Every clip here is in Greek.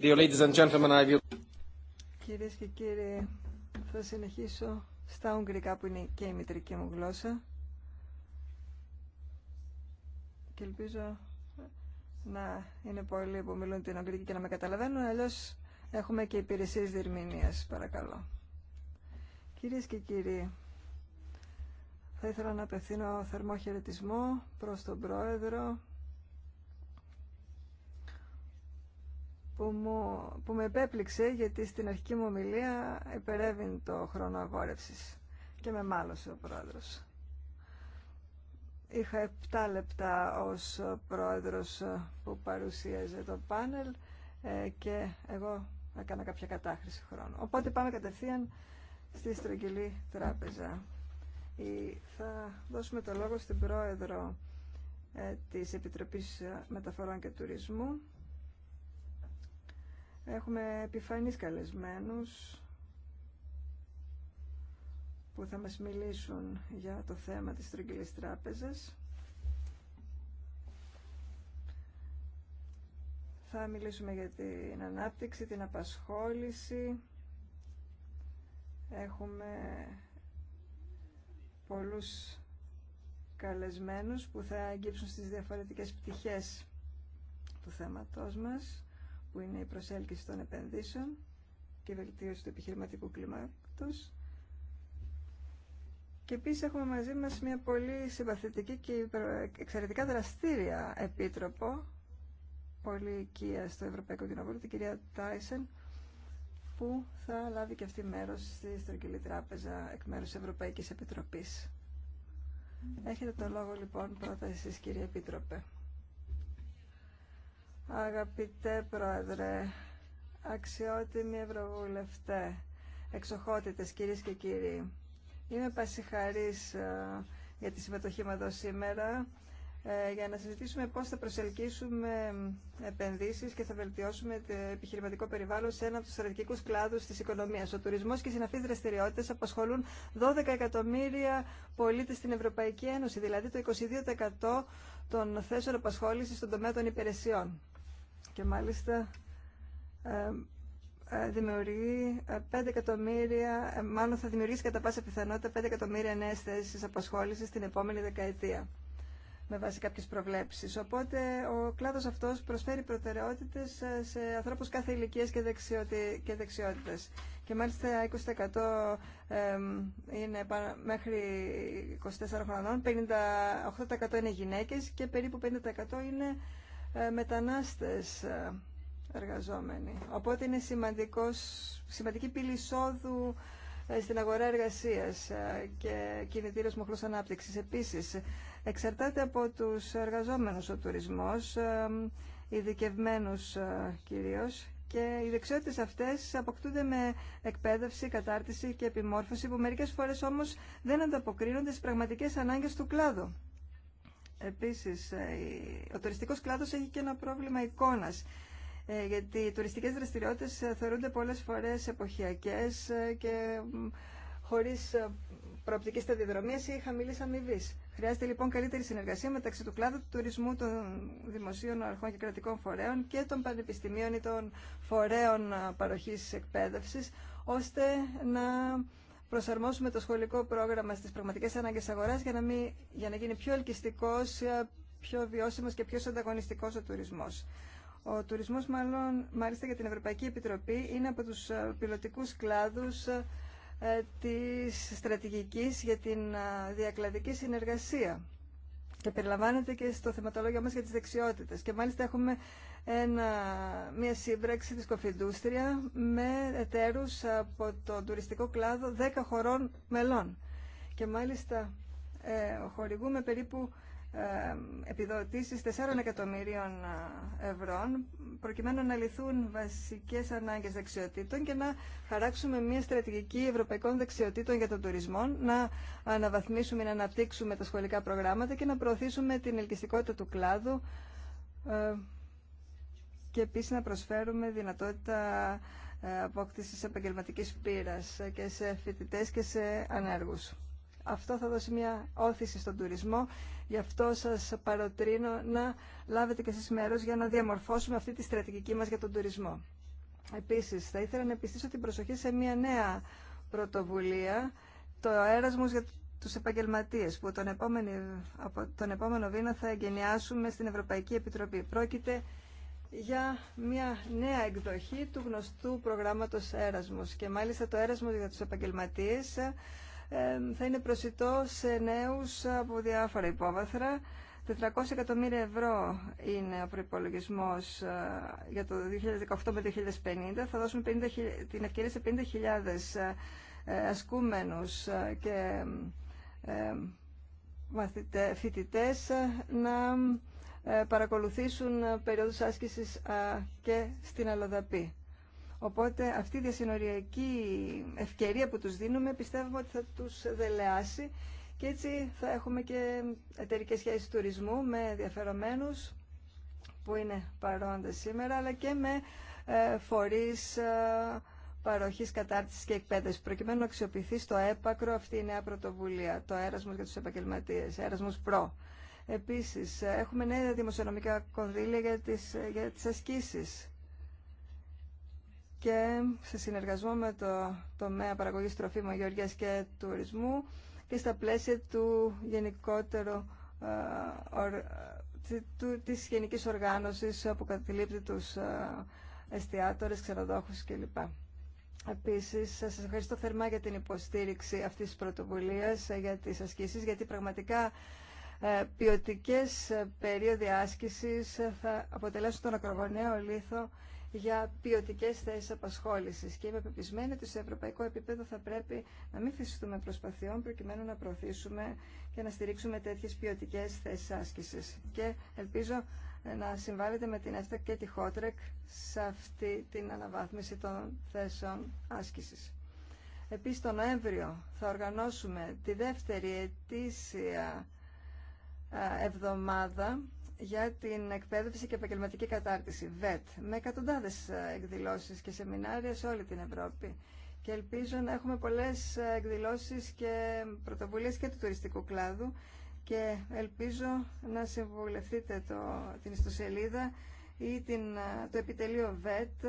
Κυρίε Κυρίες και κύριοι, θα συνεχίσω στα Ουγγρικά που είναι και η μητρική μου γλώσσα και ελπίζω να είναι πολλοί που μιλούν την Ουγγρική και να με καταλαβαίνουν, αλλιώς έχουμε και υπηρεσίες διερμηνίας, παρακαλώ. Κυρίες και κύριοι, θα ήθελα να απευθύνω θερμό χαιρετισμό προς τον Πρόεδρο, που, μου, που με επέπληξε γιατί στην αρχική μου ομιλία υπερεύει το χρόνο αγόρευσης και με μάλωσε ο πρόεδρος. Είχα 7 λεπτά ως πρόεδρος που παρουσίαζε το πάνελ ε, και εγώ έκανα κάποια κατάχρηση χρόνου. Οπότε πάμε κατευθείαν στη στρογγυλή τράπεζα. Θα δώσουμε το λόγο στην πρόεδρο ε, της Επιτροπής Μεταφορών και Τουρισμού, Έχουμε επιφανείς καλεσμένους που θα μας μιλήσουν για το θέμα της Τρογγυλής Τράπεζας. Θα μιλήσουμε για την ανάπτυξη, την απασχόληση. Έχουμε πολλούς καλεσμένους που θα αγγίψουν στις διαφορετικές πτυχές του θέματός μας που είναι η προσέλκυση των επενδύσεων και η βελτίωση του επιχειρηματικού κλιμάτος. Και επίσης έχουμε μαζί μας μια πολύ συμπαθητική και εξαιρετικά δραστήρια επίτροπο, πολύ οικία στο Ευρωπαϊκό Κοινοβούλιο, την κυρία Τάισεν, που θα λάβει και αυτή μέρος στη Στρογγυλή Τράπεζα εκ μέρους Ευρωπαϊκής Επιτροπής. Mm. Έχετε το λόγο λοιπόν πρώτα εσείς κύριε Επίτροπε. Αγαπητέ Πρόεδρε, αξιότιμοι Ευρωβουλευτέ, εξοχότητες κυρίες και κύριοι, είμαι πασιχαρής ε, για τη συμμετοχή μου εδώ σήμερα ε, για να συζητήσουμε πώς θα προσελκύσουμε επενδύσεις και θα βελτιώσουμε το επιχειρηματικό περιβάλλον σε ένα από τους στρατηγικούς κλάδους της οικονομίας. Ο τουρισμός και οι συναφείς δραστηριότητες απασχολούν 12 εκατομμύρια πολίτες στην Ευρωπαϊκή Ένωση, δηλαδή το 22% των θέσεων απασχόλησης στον τομέα των υπηρεσιών και μάλιστα ε, ε, δημιουργεί 5 ε, εκατομμύρια, μάλλον θα δημιουργήσει κατά πάσα πιθανότητα 5 εκατομμύρια νέε θέσει απασχόληση την επόμενη δεκαετία με βάση κάποιες προβλέψεις. Οπότε ο κλάδος αυτός προσφέρει προτεραιότητες σε ανθρώπους κάθε ηλικία και, δεξιότη, και δεξιότητες. Και μάλιστα 20% είναι μέχρι 24 χρονών, 58% είναι γυναίκες και περίπου 50% είναι ε, μετανάστες ε, εργαζόμενοι. Οπότε είναι σημαντικός, σημαντική πύλη εισόδου ε, στην αγορά εργασίας και κινητήριος μοχλούς ανάπτυξης. Επίσης, εξαρτάται από τους εργαζόμενους ο τουρισμός, ειδικευμένου κυρίως, και οι δεξιότητες αυτές αποκτούνται με εκπαίδευση, κατάρτιση και επιμόρφωση, που μερικές φορές όμως δεν ανταποκρίνονται στις πραγματικές ανάγκες του κλάδου. Επίσης, ε, ο τουριστικός κλάδος έχει και ένα πρόβλημα εικόνας, ε, γιατί οι τουριστικές δραστηριότητες ε, θεωρούνται πολλές φορές εποχιακές και χωρίς προοπτική σταδιοδρομία ή χαμηλή αμοιβή. Χρειάζεται λοιπόν καλύτερη συνεργασία μεταξύ του κλάδου του τουρισμού, των δημοσίων αρχών και κρατικών φορέων και των πανεπιστημίων ή των φορέων παροχή εκπαίδευση, ώστε να προσαρμόσουμε το σχολικό πρόγραμμα στις πραγματικές ανάγκες αγοράς για να, μην, για να γίνει πιο ελκυστικός, πιο βιώσιμος και πιο ανταγωνιστικός ο τουρισμός. Ο τουρισμός μάλλον, μάλιστα για την Ευρωπαϊκή Επιτροπή, είναι από τους ε, πιλωτικούς κλάδους ε, της στρατηγικής για την ε, διακλαδική συνεργασία και περιλαμβάνεται και στο θεματολόγιο μας για τις δεξιότητες. Και μάλιστα έχουμε ένα, μια σύμπραξη της Κοφιντούστρια με εταίρους από το τουριστικό κλάδο 10 χωρών μελών. Και μάλιστα ε, χορηγούμε περίπου ε, επιδοτήσεις 4 εκατομμυρίων ε, ευρώ προκειμένου να λυθούν βασικές ανάγκες δεξιοτήτων και να χαράξουμε μια στρατηγική ευρωπαϊκών δεξιοτήτων για τον τουρισμό, να αναβαθμίσουμε, να αναπτύξουμε τα σχολικά προγράμματα και να προωθήσουμε την ελκυστικότητα του κλάδου ε, και επίσης να προσφέρουμε δυνατότητα ε, απόκτησης επαγγελματικής πείρας ε, και σε φοιτητές και σε ανέργους. Αυτό θα δώσει μια όθηση στον τουρισμό, γι' αυτό σας παροτρύνω να λάβετε και εσείς μέρος για να διαμορφώσουμε αυτή τη στρατηγική μας για τον τουρισμό. Επίσης, θα ήθελα να επιστήσω την προσοχή σε μια νέα πρωτοβουλία, το έρασμο για τους επαγγελματίες, που τον επόμενο, τον επόμενο βήνα θα εγκαινιάσουμε στην Ευρωπαϊκή Επιτροπή. Πρόκειται για μια νέα εκδοχή του γνωστού προγράμματος Έρασμος και μάλιστα το Έρασμος για τους επαγγελματίες ε, θα είναι προσιτό σε νέους από διάφορα υπόβαθρα 400 εκατομμύρια ευρώ είναι ο προπολογισμό ε, για το 2018 με 2050. Θα δώσουμε 50, την ευκαιρία σε 50.000 ε, ασκούμενους και φοιτητές να ε, παρακολουθήσουν ε, περίοδους άσκησης και στην αλλοδαπή. Οπότε αυτή η διασυνοριακή ευκαιρία που τους δίνουμε πιστεύουμε ότι θα τους δελεάσει και έτσι θα έχουμε και εταιρικέ σχέσεις τουρισμού με ενδιαφερομένους που είναι παρόντες σήμερα αλλά και με ε, φορείς παροχής κατάρτισης και εκπαίδευση. προκειμένου να αξιοποιηθεί στο έπακρο αυτή η νέα πρωτοβουλία, το Έρασμος για τους επαγγελματίες, Έρασμος προ- Επίσης, έχουμε νέα δημοσιονομικά κονδύλια για τις, για τις ασκήσεις και σε συνεργασμό με το τομέα παραγωγής τροφίμων, γεωργίας και τουρισμού και στα πλαίσια του γενικότερου ε, της γενικής οργάνωσης που κατηλείπτει τους ε, εστιατόρες, ξενοδόχους κλπ. Επίσης, σας ευχαριστώ θερμά για την υποστήριξη αυτής της πρωτοβουλίας ε, για τις ασκήσεις, γιατί πραγματικά ε, ποιοτικέ ε, περίοδοι άσκησης ε, θα αποτελέσουν τον ακρογωνιαίο λίθο για ποιοτικέ θέσει απασχόληση. Και είμαι πεπισμένη ότι σε ευρωπαϊκό επίπεδο θα πρέπει να μην φυσιστούμε προσπαθειών προκειμένου να προωθήσουμε και να στηρίξουμε τέτοιε ποιοτικέ θέσει άσκηση. Και ελπίζω να συμβάλλετε με την ΕΦΤΑ και τη ΧΟΤΡΕΚ σε αυτή την αναβάθμιση των θέσεων άσκηση. Επίσης, τον Νοέμβριο θα οργανώσουμε τη δεύτερη ετήσια εβδομάδα για την εκπαίδευση και επαγγελματική κατάρτιση, ΒΕΤ, με εκατοντάδες εκδηλώσεις και σεμινάρια σε όλη την Ευρώπη. Και ελπίζω να έχουμε πολλές εκδηλώσεις και πρωτοβουλίες και του τουριστικού κλάδου και ελπίζω να συμβουλευτείτε το, την ιστοσελίδα ή την, το επιτελείο ΒΕΤ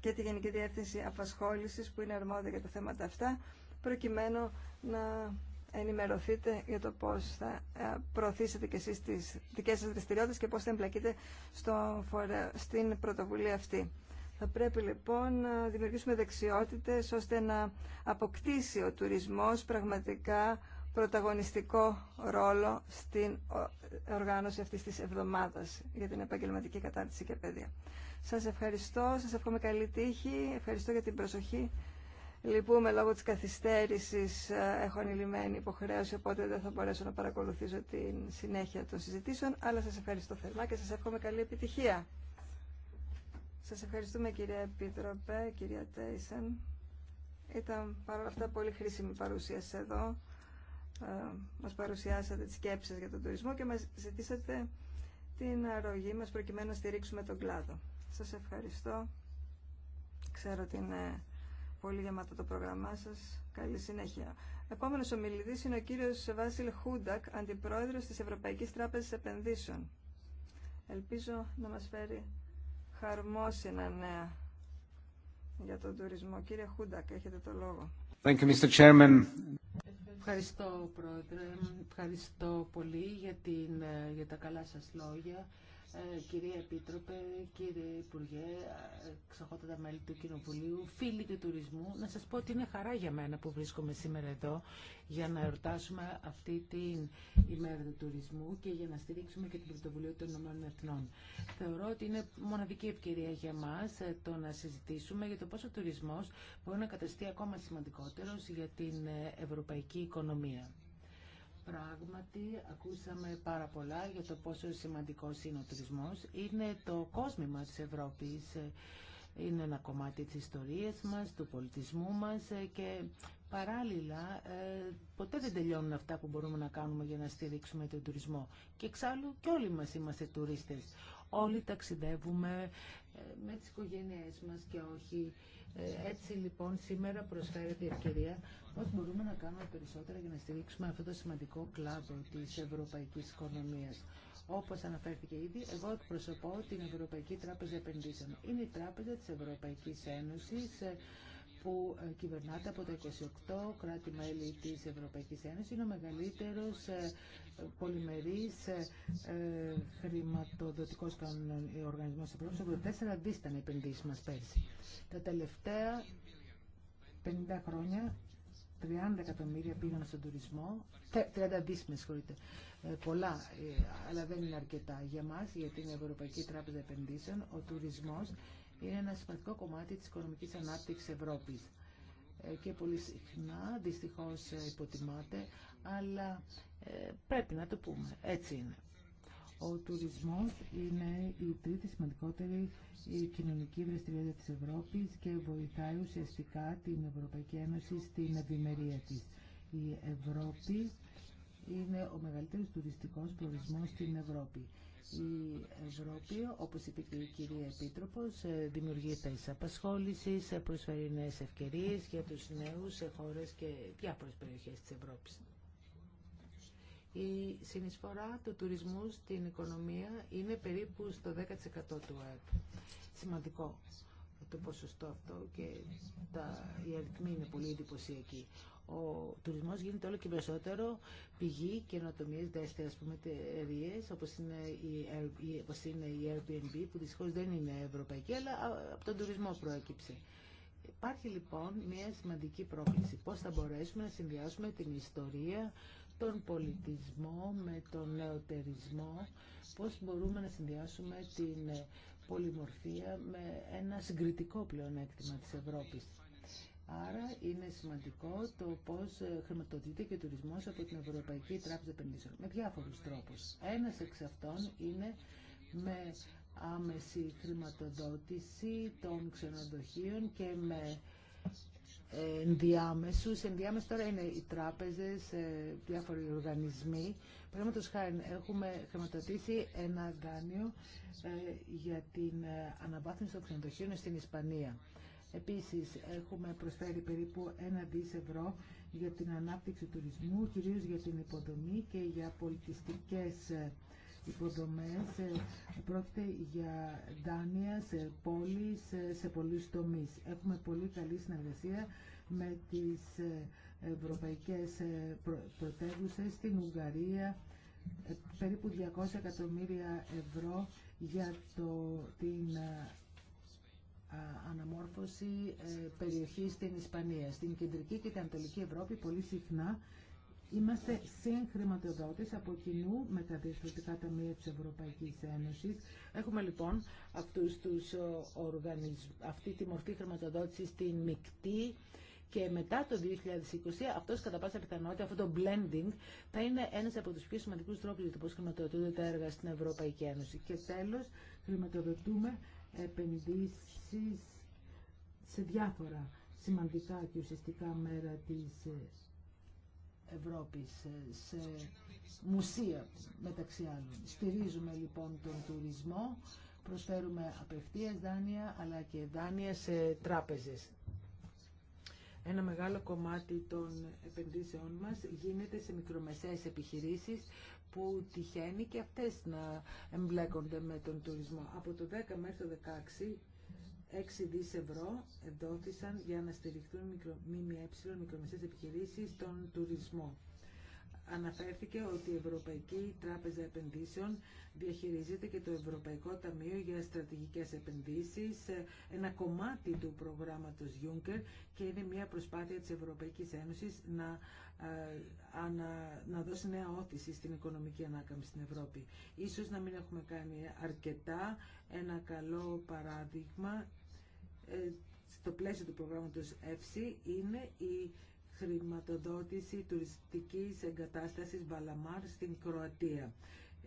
και τη Γενική Διεύθυνση Απασχόλησης που είναι αρμόδια για τα θέματα αυτά προκειμένου να ενημερωθείτε για το πώς θα ε, προωθήσετε και εσείς τις δικές σας δραστηριότητες και πώς θα εμπλακείτε στο, στην πρωτοβουλία αυτή. Θα πρέπει λοιπόν να δημιουργήσουμε δεξιότητες ώστε να αποκτήσει ο τουρισμός πραγματικά πρωταγωνιστικό ρόλο στην οργάνωση αυτής της εβδομάδας για την επαγγελματική κατάρτιση και παιδεία. Σας ευχαριστώ, σας εύχομαι καλή τύχη, ευχαριστώ για την προσοχή Λυπούμε λόγω της καθυστέρησης, ε, έχω ανηλυμένη υποχρέωση, οπότε δεν θα μπορέσω να παρακολουθήσω την συνέχεια των συζητήσεων, αλλά σας ευχαριστώ θερμά και σας εύχομαι καλή επιτυχία. Σας ευχαριστούμε κυρία Επίτροπε, κυρία Τέισεν. Ήταν παρόλα αυτά πολύ χρήσιμη παρουσίαση εδώ. Μα ε, μας παρουσιάσατε τις σκέψεις για τον τουρισμό και μας ζητήσατε την αρρωγή μας προκειμένου να στηρίξουμε τον κλάδο. Σας ευχαριστώ. Ξέρω ότι Πολύ γεμάτο το πρόγραμμά σας. Καλή συνέχεια. Επόμενος ομιλητή είναι ο κύριο Βάσιλ Χούντακ, αντιπρόεδρος της Ευρωπαϊκής Τράπεζας Επενδύσεων. Ελπίζω να μας φέρει χαρμόσυνα νέα για τον τουρισμό. Κύριε Χούντακ, έχετε το λόγο. you, Mr. Ευχαριστώ, Πρόεδρε. Ευχαριστώ πολύ για, την, για τα καλά σας λόγια ε, κυρία Επίτροπε, κύριε Υπουργέ, ξεχότατα μέλη του Κοινοβουλίου, φίλοι του τουρισμού, να σας πω ότι είναι χαρά για μένα που βρίσκομαι σήμερα εδώ για να εορτάσουμε αυτή την ημέρα του τουρισμού και για να στηρίξουμε και την πρωτοβουλία των Ηνωμένων Εθνών. Θεωρώ ότι είναι μοναδική ευκαιρία για μας ε, το να συζητήσουμε για το πόσο ο τουρισμός μπορεί να καταστεί ακόμα σημαντικότερος για την ε, ευρωπαϊκή οικονομία. Πράγματι, ακούσαμε πάρα πολλά για το πόσο σημαντικός είναι ο τουρισμός. Είναι το μα της Ευρώπη, Είναι ένα κομμάτι της ιστορίας μας, του πολιτισμού μας και παράλληλα ε, ποτέ δεν τελειώνουν αυτά που μπορούμε να κάνουμε για να στηρίξουμε τον τουρισμό. Και εξάλλου κι όλοι μας είμαστε τουρίστες όλοι ταξιδεύουμε ε, με τις οικογένειές μας και όχι. Ε, έτσι λοιπόν σήμερα προσφέρεται η ευκαιρία πώς μπορούμε να κάνουμε περισσότερα για να στηρίξουμε αυτό το σημαντικό κλάδο της ευρωπαϊκής οικονομίας. Όπως αναφέρθηκε ήδη, εγώ εκπροσωπώ την Ευρωπαϊκή Τράπεζα Επενδύσεων. Είναι η τράπεζα της Ευρωπαϊκής Ένωσης ε, που ε, κυβερνάται από τα 28 κράτη-μέλη της Ευρωπαϊκής Ένωσης. Είναι ο μεγαλύτερος ε, πολυμερής ε, χρηματοδοτικός οργανισμός της Ευρώπης. 84 δις ήταν επενδύσεις μας πέρσι. Τα τελευταία 50 χρόνια 30 εκατομμύρια πήγαν στον τουρισμό, 30 δις με συγχωρείτε, πολλά, αλλά δεν είναι αρκετά για μας, είναι η Ευρωπαϊκή Τράπεζα Επενδύσεων, ο τουρισμός είναι ένα σημαντικό κομμάτι της οικονομικής ανάπτυξης Ευρώπης ε, και πολύ συχνά δυστυχώς ε, υποτιμάται, αλλά ε, πρέπει να το πούμε, έτσι είναι. Ο τουρισμός είναι η τρίτη σημαντικότερη κοινωνική δραστηριότητα της Ευρώπης και βοηθάει ουσιαστικά την Ευρωπαϊκή Ένωση στην ευημερία της. Η Ευρώπη είναι ο μεγαλύτερος τουριστικός προορισμός στην Ευρώπη. Η Ευρώπη, όπως είπε και η κυρία Επίτροπος, ε, δημιουργεί θέσεις απασχόληση ε, προσφέρει νέες ευκαιρίες για τους νέους σε χώρες και διάφορες περιοχές της Ευρώπη. Η συνεισφορά του τουρισμού στην οικονομία είναι περίπου στο 10% του ΑΕΠ. Σημαντικό το ποσοστό αυτό και τα, οι αριθμοί είναι πολύ εντυπωσιακοί. Ο τουρισμός γίνεται όλο και περισσότερο πηγή καινοτομίες, δεύτερα ας πούμε εταιρείε, όπως, όπως, είναι η Airbnb που δυστυχώς δεν είναι ευρωπαϊκή αλλά από τον τουρισμό προέκυψε. Υπάρχει λοιπόν μια σημαντική πρόκληση. Πώς θα μπορέσουμε να συνδυάσουμε την ιστορία, τον πολιτισμό με τον νεοτερισμό, πώς μπορούμε να συνδυάσουμε την ε, πολυμορφία με ένα συγκριτικό πλεονέκτημα της Ευρώπης. Άρα είναι σημαντικό το πώς χρηματοδοτείται και ο τουρισμός από την Ευρωπαϊκή Τράπεζα Επενδύσεων με διάφορους τρόπους. Ένας εξ αυτών είναι με άμεση χρηματοδότηση των ξενοδοχείων και με ενδιάμεσους. Ενδιάμεσους τώρα είναι οι τράπεζες, ε, διάφοροι οργανισμοί. Παραδείγματος χάρη έχουμε χρηματοδοτήσει ένα δάνειο ε, για την ε, αναβάθμιση των ξενοδοχείων στην Ισπανία. Επίσης έχουμε προσφέρει περίπου ένα δις ευρώ για την ανάπτυξη τουρισμού, κυρίως για την υποδομή και για πολιτιστικές υποδομές. Ε, πρόκειται για δάνεια σε πόλεις, ε, σε πολλούς τομείς. Έχουμε πολύ καλή συνεργασία με τις ε, ευρωπαϊκές πρωτεύουσες στην Ουγγαρία, περίπου 200 εκατομμύρια ευρώ για το, την αναμόρφωση περιοχής στην Ισπανία. Στην κεντρική και την Ανατολική Ευρώπη πολύ συχνά Είμαστε συγχρηματοδότης από κοινού με τα διευθυντικά ταμεία της Ευρωπαϊκής Ένωσης. Έχουμε λοιπόν αυτούς τους οργανισμούς, αυτή τη μορφή χρηματοδότηση στην μεικτή και μετά το 2020 αυτός κατά πάσα πιθανότητα, αυτό το blending, θα είναι ένας από τους πιο σημαντικούς τρόπους για το πώς χρηματοδοτούνται τα έργα στην Ευρωπαϊκή Ένωση. Και τέλος, χρηματοδοτούμε επενδύσεις σε διάφορα σημαντικά και ουσιαστικά μέρα της Ευρώπης ε, σε μουσεία μεταξύ άλλων. Στηρίζουμε λοιπόν τον τουρισμό, προσφέρουμε απευθείας δάνεια αλλά και δάνεια σε τράπεζες. Ένα μεγάλο κομμάτι των επενδύσεών μας γίνεται σε μικρομεσαίες επιχειρήσεις που τυχαίνει και αυτές να εμπλέκονται με τον τουρισμό. Από το 10 μέχρι το 16 6 δις ευρώ δόθησαν για να στηριχθούν ΜΜΕ, μικρομεσαίες επιχειρήσεις, στον τουρισμό. Αναφέρθηκε ότι η Ευρωπαϊκή Τράπεζα Επενδύσεων διαχειρίζεται και το Ευρωπαϊκό Ταμείο για Στρατηγικές Επενδύσεις, ε, ένα κομμάτι του προγράμματος Juncker και είναι μια προσπάθεια της Ευρωπαϊκής Ένωσης να, ε, να, να δώσει νέα όθηση στην οικονομική ανάκαμψη στην Ευρώπη. Ίσως να μην έχουμε κάνει αρκετά ένα καλό παράδειγμα ε, στο πλαίσιο του προγράμματος ΕΦΣΥ είναι η χρηματοδότηση τουριστικής εγκατάστασης Μπαλαμάρ στην Κροατία.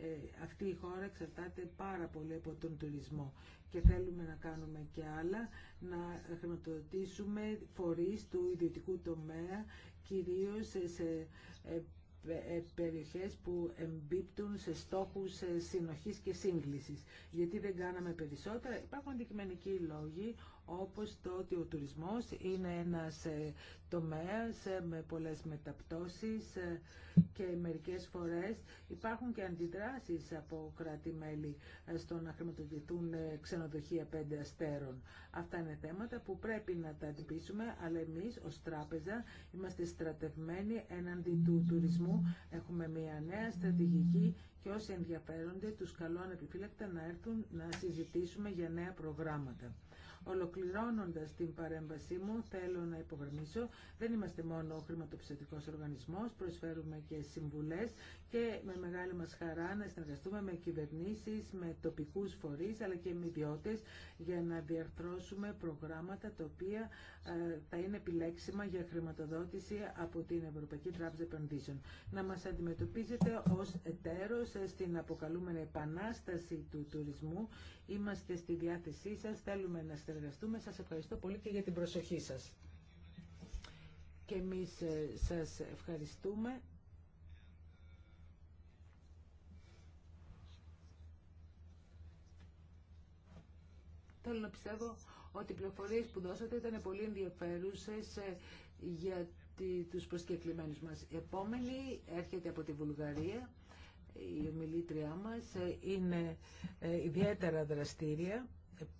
Ε, αυτή η χώρα εξαρτάται πάρα πολύ από τον τουρισμό και θέλουμε να κάνουμε και άλλα, να χρηματοδοτήσουμε φορείς του ιδιωτικού τομέα, κυρίως σε ε, ε, περιοχές που εμπίπτουν σε στόχους ε, συνοχής και σύγκλησης. Γιατί δεν κάναμε περισσότερα, υπάρχουν αντικειμενικοί λόγοι, όπως το ότι ο τουρισμός είναι ένας ε, τομέας ε, με πολλές μεταπτώσεις ε, και μερικές φορές υπάρχουν και αντιδράσεις από κράτη-μέλη στο να χρηματοδοτηθούν ξενοδοχεία πέντε αστέρων. Αυτά είναι θέματα που πρέπει να τα αντιμετωπίσουμε, αλλά εμείς ως τράπεζα είμαστε στρατευμένοι έναντι του τουρισμού. Έχουμε μια νέα στρατηγική και όσοι ενδιαφέρονται τους καλώ ανεπιφύλακτα να έρθουν να συζητήσουμε για νέα προγράμματα. Ολοκληρώνοντας την παρέμβασή μου, θέλω να υπογραμμίσω, δεν είμαστε μόνο ο χρηματοπιστωτικός οργανισμός, προσφέρουμε και συμβουλές και με μεγάλη μας χαρά να συνεργαστούμε με κυβερνήσεις, με τοπικούς φορείς, αλλά και με ιδιώτες για να διαρθρώσουμε προγράμματα τα οποία ε, θα είναι επιλέξιμα για χρηματοδότηση από την Ευρωπαϊκή Τράπεζα Επενδύσεων. Να μας αντιμετωπίζετε ως εταίρος στην αποκαλούμενη επανάσταση του τουρισμού Είμαστε στη διάθεσή σας, θέλουμε να συνεργαστούμε. Σας ευχαριστώ πολύ και για την προσοχή σας. Και εμείς ε, σας ευχαριστούμε. Θέλω να πιστεύω ότι οι πληροφορίες που δώσατε ήταν πολύ ενδιαφέρουσες ε, για τους προσκεκλημένους μας. Η επόμενη έρχεται από τη Βουλγαρία η ομιλήτριά μας είναι ε, ιδιαίτερα δραστήρια,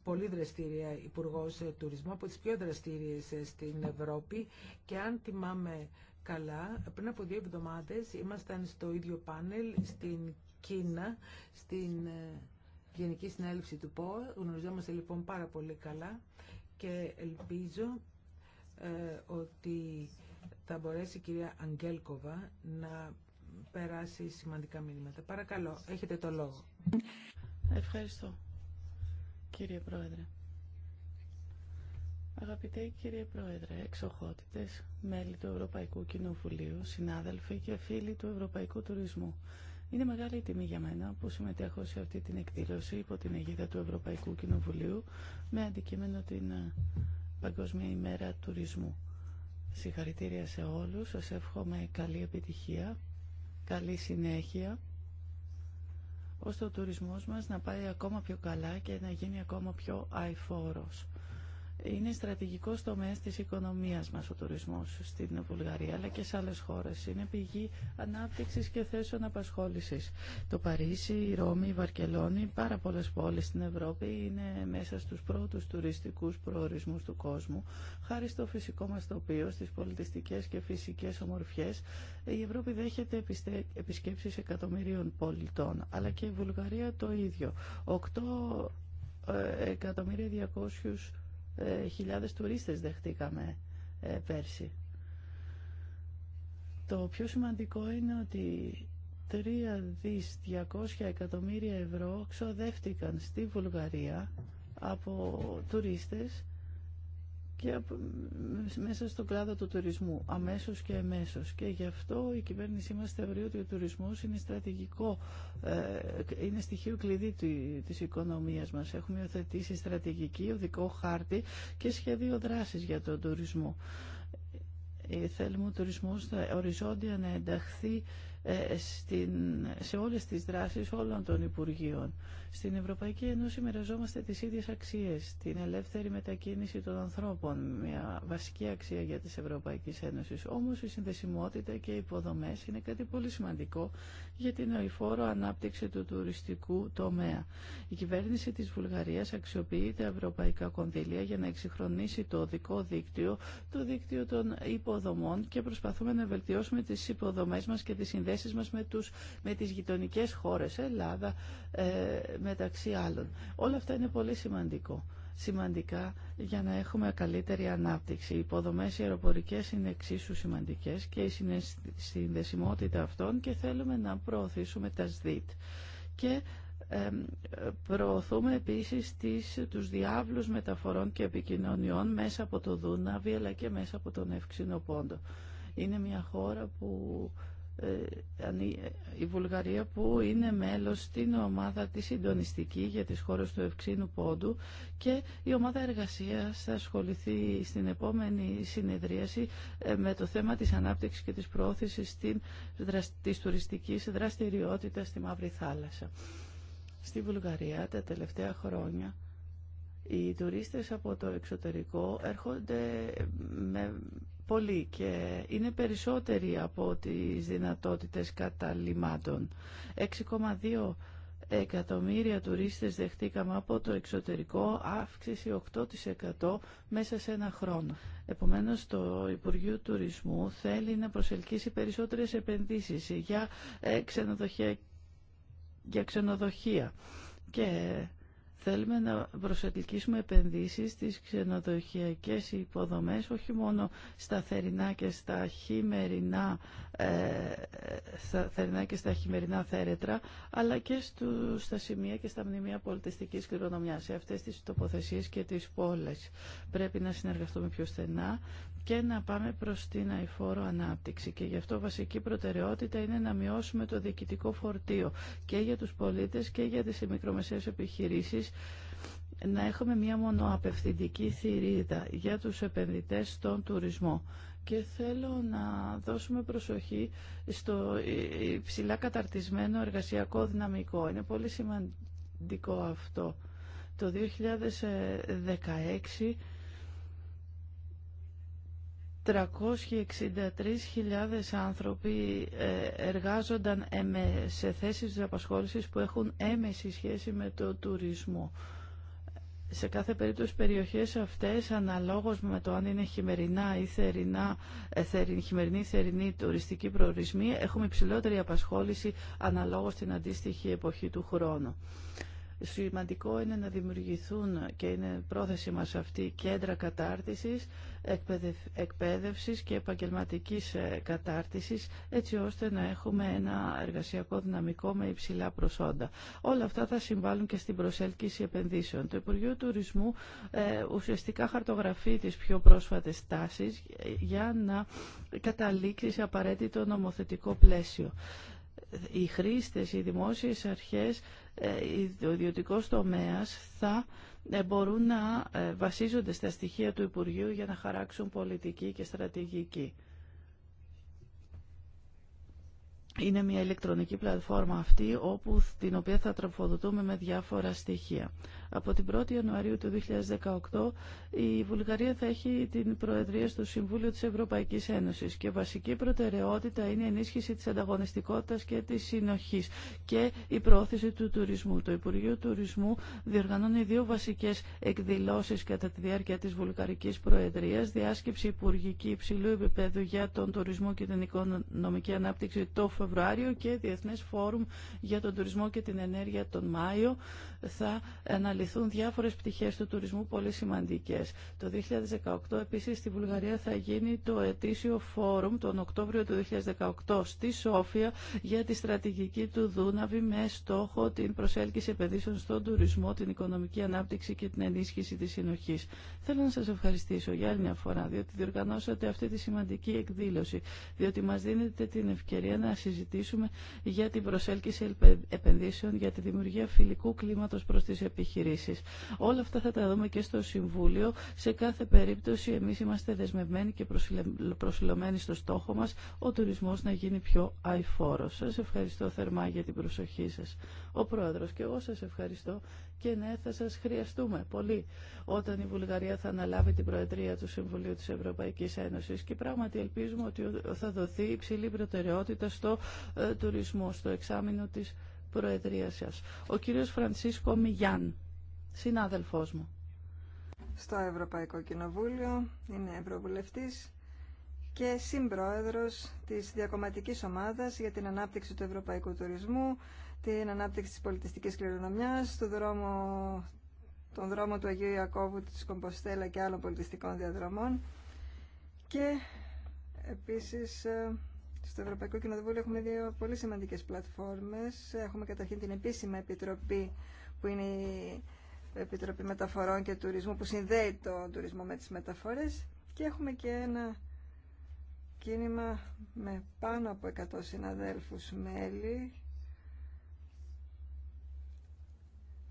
πολύ δραστήρια υπουργό Τουρισμού, από τις πιο δραστήριες ε, στην Ευρώπη και αν θυμάμαι καλά, πριν από δύο εβδομάδες ήμασταν στο ίδιο πάνελ στην Κίνα, στην ε, Γενική Συνέλευση του ΠΟΑ. Γνωριζόμαστε λοιπόν πάρα πολύ καλά και ελπίζω ότι θα μπορέσει η κυρία Αγγέλκοβα να περάσει σημαντικά μήνυματα. Παρακαλώ, έχετε το λόγο. Ευχαριστώ, κύριε Πρόεδρε. Αγαπητέ κύριε Πρόεδρε, εξοχότητες, μέλη του Ευρωπαϊκού Κοινοβουλίου, συνάδελφοι και φίλοι του Ευρωπαϊκού Τουρισμού. Είναι μεγάλη τιμή για μένα που συμμετέχω σε αυτή την εκδήλωση υπό την αιγίδα του Ευρωπαϊκού Κοινοβουλίου με αντικείμενο την ε, Παγκόσμια ημέρα τουρισμού. Συγχαρητήρια σε όλους, σας εύχομαι καλή επιτυχία καλή συνέχεια ώστε ο τουρισμός μας να πάει ακόμα πιο καλά και να γίνει ακόμα πιο αηφόρος. Είναι στρατηγικό τομέα τη οικονομία μα ο τουρισμό στην Βουλγαρία αλλά και σε άλλε χώρε. Είναι πηγή ανάπτυξη και θέσεων απασχόληση. Το Παρίσι, η Ρώμη, η Βαρκελόνη, πάρα πολλέ πόλει στην Ευρώπη είναι μέσα στου πρώτου τουριστικού προορισμού του κόσμου. Χάρη στο φυσικό μα τοπίο, στι πολιτιστικέ και φυσικέ ομορφιέ, η Ευρώπη δέχεται επισκέψει εκατομμυρίων πολιτών, αλλά και η Βουλγαρία το ίδιο. 8 ε, εκατομμύρια 200 χιλιάδες τουρίστες δεχτήκαμε ε, πέρσι. Το πιο σημαντικό είναι ότι 3 δις 200 εκατομμύρια ευρώ ξοδεύτηκαν στη Βουλγαρία από τουρίστες και μέσα στον κλάδο του τουρισμού, αμέσως και εμέσως. Και γι' αυτό η κυβέρνησή μας θεωρεί ότι ο τουρισμός είναι στρατηγικό, ε, είναι στοιχείο κλειδί της οικονομίας μας. Έχουμε υιοθετήσει στρατηγική, οδικό χάρτη και σχέδιο δράσης για τον τουρισμό. Ε, θέλουμε ο τουρισμός οριζόντια να ενταχθεί ε, σε όλες τις δράσεις όλων των Υπουργείων. Στην Ευρωπαϊκή Ένωση μοιραζόμαστε τις ίδιες αξίες, την ελεύθερη μετακίνηση των ανθρώπων, μια βασική αξία για τις Ευρωπαϊκές Ένωσης. Όμως η συνδεσιμότητα και οι υποδομές είναι κάτι πολύ σημαντικό για την οηφόρο ανάπτυξη του τουριστικού τομέα. Η κυβέρνηση της Βουλγαρίας αξιοποιεί τα ευρωπαϊκά κονδύλια για να εξυγχρονίσει το οδικό δίκτυο, το δίκτυο των υποδομών και προσπαθούμε να βελτιώσουμε τις υποδομές μας και τις συνδέσεις μας με, τους, με τις γειτονικές χώρες, Ελλάδα ε, μεταξύ άλλων. Όλα αυτά είναι πολύ σημαντικό σημαντικά για να έχουμε καλύτερη ανάπτυξη. Οι υποδομές οι αεροπορικές είναι εξίσου σημαντικές και η συνδεσιμότητα αυτών και θέλουμε να προωθήσουμε τα ΣΔΙΤ. Και προωθούμε επίσης τις, τους διάβλους μεταφορών και επικοινωνιών μέσα από το Δούναβι αλλά και μέσα από τον Πόντο. Είναι μια χώρα που ε, ε, η Βουλγαρία που είναι μέλος στην ομάδα τη συντονιστική για τις χώρες του Ευξήνου Πόντου και η ομάδα εργασίας θα ασχοληθεί στην επόμενη συνεδρίαση ε, με το θέμα της ανάπτυξης και της προώθησης της τουριστικής δραστηριότητας στη Μαύρη Θάλασσα. Στη Βουλγαρία τα τελευταία χρόνια οι τουρίστες από το εξωτερικό έρχονται με πολύ και είναι περισσότεροι από τις δυνατότητες καταλήμματων. 6,2 εκατομμύρια τουρίστες δεχτήκαμε από το εξωτερικό, αύξηση 8% μέσα σε ένα χρόνο. Επομένως, το Υπουργείο Τουρισμού θέλει να προσελκύσει περισσότερες επενδύσεις για ε, ξενοδοχεία. Για ξενοδοχεία. Και Θέλουμε να προσελκύσουμε επενδύσεις στις ξενοδοχειακές υποδομές, όχι μόνο στα θερινά και στα χειμερινά, ε, στα θερινά, και στα χειμερινά θέρετρα, αλλά και στα σημεία και στα μνημεία πολιτιστικής κληρονομιάς, σε αυτές τις τοποθεσίες και τις πόλες. Πρέπει να συνεργαστούμε πιο στενά, και να πάμε προς την αηφόρο ανάπτυξη. Και γι' αυτό βασική προτεραιότητα είναι να μειώσουμε το διοικητικό φορτίο και για τους πολίτες και για τις μικρομεσαίες επιχειρήσεις να έχουμε μια μονοαπευθυντική θηρίδα για τους επενδυτές στον τουρισμό. Και θέλω να δώσουμε προσοχή στο υψηλά καταρτισμένο εργασιακό δυναμικό. Είναι πολύ σημαντικό αυτό. Το 2016 363.000 άνθρωποι ε, εργάζονταν ε, σε θέσεις απασχόλησης που έχουν έμεση σχέση με το τουρισμό. Σε κάθε περίπτωση περιοχές αυτές, αναλόγως με το αν είναι χειμερινά ή θερινά, ε, χειμερινή ή θερινή τουριστική προορισμή, έχουμε υψηλότερη απασχόληση αναλόγως την αντίστοιχη εποχή του χρόνου. Σημαντικό είναι να δημιουργηθούν και είναι πρόθεση μας αυτή κέντρα κατάρτισης, εκπαίδευσης και επαγγελματικής ε, κατάρτισης έτσι ώστε να έχουμε ένα εργασιακό δυναμικό με υψηλά προσόντα. Όλα αυτά θα συμβάλλουν και στην προσέλκυση επενδύσεων. Το Υπουργείο Τουρισμού ε, ουσιαστικά χαρτογραφεί τις πιο πρόσφατες τάσεις για να καταλήξει σε απαραίτητο νομοθετικό πλαίσιο οι χρήστες, οι δημόσιες αρχές ε, ο ιδιωτικό τομέα θα ε, μπορούν να ε, βασίζονται στα στοιχεία του Υπουργείου για να χαράξουν πολιτική και στρατηγική. Είναι μια ηλεκτρονική πλατφόρμα αυτή, όπου, την οποία θα τροφοδοτούμε με διάφορα στοιχεία. Από την 1η Ιανουαρίου του 2018 η Βουλγαρία θα έχει την Προεδρία στο Συμβούλιο της Ευρωπαϊκής Ένωσης και βασική προτεραιότητα είναι η ενίσχυση της ανταγωνιστικότητας και της συνοχής και η προώθηση του τουρισμού. Το Υπουργείο Τουρισμού διοργανώνει δύο βασικές εκδηλώσεις κατά τη διάρκεια της Βουλγαρικής Προεδρίας, διάσκεψη υπουργική υψηλού επίπεδου για τον τουρισμό και την οικονομική ανάπτυξη το Φεβρουάριο και Διεθνές Φόρουμ για τον τουρισμό και την ενέργεια τον Μάιο. Θα αναλυθούν διάφορες πτυχές του τουρισμού πολύ σημαντικέ. Το 2018 επίση στη Βουλγαρία θα γίνει το ετήσιο φόρουμ τον Οκτώβριο του 2018 στη Σόφια για τη στρατηγική του Δούναβη με στόχο την προσέλκυση επενδύσεων στον τουρισμό, την οικονομική ανάπτυξη και την ενίσχυση τη συνοχή. Θέλω να σα ευχαριστήσω για άλλη μια φορά, διότι διοργανώσατε αυτή τη σημαντική εκδήλωση, διότι μα δίνετε την ευκαιρία να συζητήσουμε για την προσέλκυση επενδύσεων, για τη δημιουργία φιλικού κλίματο προ τι επιχειρήσει επιχειρήσεις. Όλα αυτά θα τα δούμε και στο Συμβούλιο. Σε κάθε περίπτωση εμείς είμαστε δεσμευμένοι και προσιλωμένοι στο στόχο μας ο τουρισμός να γίνει πιο αηφόρος. Σας ευχαριστώ θερμά για την προσοχή σας. Ο Πρόεδρος και εγώ σας ευχαριστώ και ναι θα σας χρειαστούμε πολύ όταν η Βουλγαρία θα αναλάβει την Προεδρία του Συμβουλίου της Ευρωπαϊκής Ένωσης και πράγματι ελπίζουμε ότι θα δοθεί υψηλή προτεραιότητα στο ε, τουρισμό, στο εξάμεινο της Προεδρίας σας. Ο κύριος Φρανσίσκο Μιγιάν συνάδελφός μου. Στο Ευρωπαϊκό Κοινοβούλιο είναι Ευρωβουλευτής και συμπρόεδρος της Διακομματικής Ομάδας για την Ανάπτυξη του Ευρωπαϊκού Τουρισμού, την Ανάπτυξη της Πολιτιστικής Κληρονομιάς, δρόμο, τον δρόμο του Αγίου Ιακώβου, της Κομποστέλα και άλλων πολιτιστικών διαδρομών και επίσης ε, στο Ευρωπαϊκό Κοινοβούλιο έχουμε δύο πολύ σημαντικές πλατφόρμες. Έχουμε καταρχήν την επίσημη επιτροπή που είναι η Επιτροπή Μεταφορών και Τουρισμού που συνδέει τον τουρισμό με τις μεταφορές και έχουμε και ένα κίνημα με πάνω από 100 συναδέλφους μέλη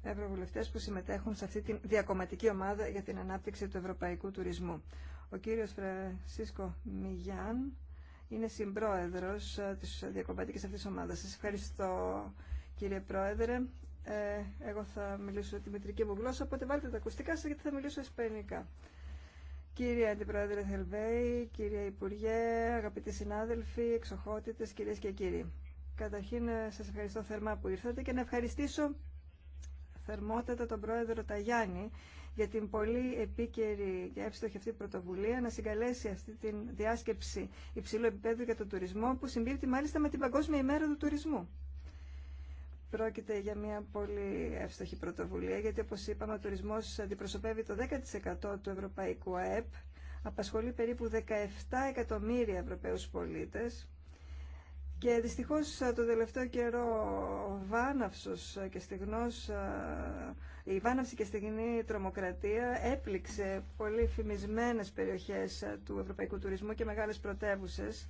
ευρωβουλευτές που συμμετέχουν σε αυτή τη διακομματική ομάδα για την ανάπτυξη του ευρωπαϊκού τουρισμού. Ο κύριος Φρανσίσκο Μιγιάν είναι συμπρόεδρος ε, της διακομματικής αυτής ομάδας. Σας ευχαριστώ κύριε Πρόεδρε. Ε, εγώ θα μιλήσω τη μητρική μου γλώσσα, οπότε βάλτε τα ακουστικά σας γιατί θα μιλήσω ισπανικά. Κύριε Αντιπρόεδρε Θελβέη, κύριε Υπουργέ, αγαπητοί συνάδελφοι, εξοχότητες, κυρίες και κύριοι. Καταρχήν ε, σας ευχαριστώ θερμά που ήρθατε και να ευχαριστήσω θερμότατα τον πρόεδρο Ταγιάννη για την πολύ επίκαιρη και εύστοχη αυτή πρωτοβουλία να συγκαλέσει αυτή τη διάσκεψη υψηλού επίπεδου για τον τουρισμό που συμπίπτει μάλιστα με την Παγκόσμια ημέρα του τουρισμού. Πρόκειται για μια πολύ εύστοχη πρωτοβουλία, γιατί όπως είπαμε ο τουρισμός αντιπροσωπεύει το 10% του ευρωπαϊκού ΑΕΠ, απασχολεί περίπου 17 εκατομμύρια Ευρωπαίους πολίτες και δυστυχώς το τελευταίο καιρό ο βάναυσος και στιγνός, η βάναυση και στιγνή τρομοκρατία έπληξε πολύ φημισμένες περιοχές του ευρωπαϊκού τουρισμού και μεγάλες πρωτεύουσες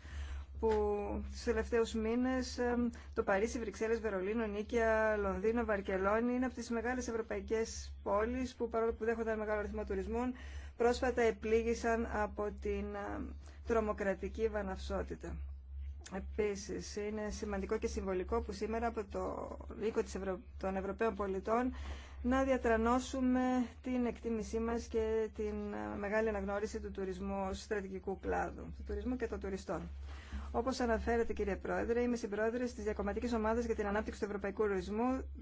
που τους τελευταίους μήνες ε, το Παρίσι, Βρυξέλλες, Βερολίνο, Νίκαια, Λονδίνο, Βαρκελόνη είναι από τις μεγάλες ευρωπαϊκές πόλεις που παρόλο που δέχονταν μεγάλο αριθμό τουρισμού πρόσφατα επλήγησαν από την ε, τρομοκρατική βαναυσότητα. Επίσης, είναι σημαντικό και συμβολικό που σήμερα από το οίκο των Ευρωπαίων πολιτών να διατρανώσουμε την εκτίμησή μας και την ε, μεγάλη αναγνώριση του τουρισμού στρατηγικού κλάδου, του τουρισμού και των τουριστών. Όπω αναφέρατε, κύριε Πρόεδρε, είμαι συμπρόεδρε τη Διακομματική Ομάδα για την Ανάπτυξη του Ευρωπαϊκού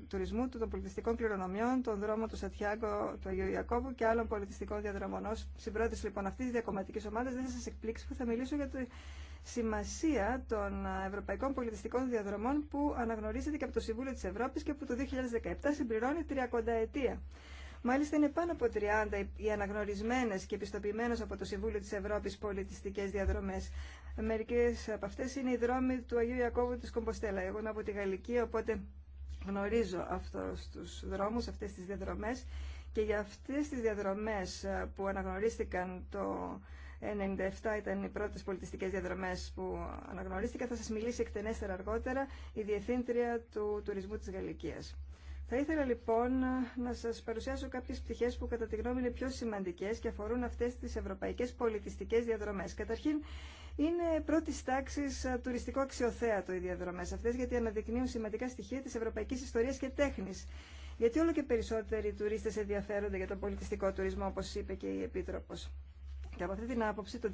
Τουρισμού, των Πολιτιστικών Κληρονομιών, των Δρόμων του Σατιάγκο, του Αγίου Ιακώβου και άλλων πολιτιστικών διαδρομών. Ω συμπρόεδρο λοιπόν αυτή τη Διακομματική Ομάδα, δεν θα σα εκπλήξει που θα μιλήσω για τη σημασία των ευρωπαϊκών πολιτιστικών διαδρομών που αναγνωρίζεται και από το Συμβούλιο τη Ευρώπη και που το 2017 συμπληρώνει 30 ετία. Μάλιστα είναι πάνω από 30 οι αναγνωρισμένες και επιστοποιημένε από το Συμβούλιο της Ευρώπης πολιτιστικές διαδρομές. Μερικέ από αυτές είναι οι δρόμοι του Αγίου Ιακώβου τη Κομποστέλα. Εγώ είμαι από τη Γαλλική, οπότε γνωρίζω αυτούς τους δρόμους, αυτές τις διαδρομές και για αυτές τις διαδρομές ε, που αναγνωρίστηκαν το 1997, ήταν οι πρώτες πολιτιστικές διαδρομές που αναγνωρίστηκαν. Θα σας μιλήσει εκτενέστερα αργότερα η Διευθύντρια του Τουρισμού της Γαλλικίας. Θα ήθελα λοιπόν να σας παρουσιάσω κάποιες πτυχές που κατά τη γνώμη είναι πιο σημαντικές και αφορούν αυτές τις ευρωπαϊκές πολιτιστικές διαδρομές. Καταρχήν, είναι πρώτη τάξη ε, τουριστικό αξιοθέατο οι διαδρομέ αυτέ, γιατί αναδεικνύουν σημαντικά στοιχεία τη ευρωπαϊκή ιστορία και τέχνη. Γιατί όλο και περισσότεροι τουρίστε ενδιαφέρονται για τον πολιτιστικό τουρισμό, όπω είπε και η Επίτροπο. Και από αυτή την άποψη, το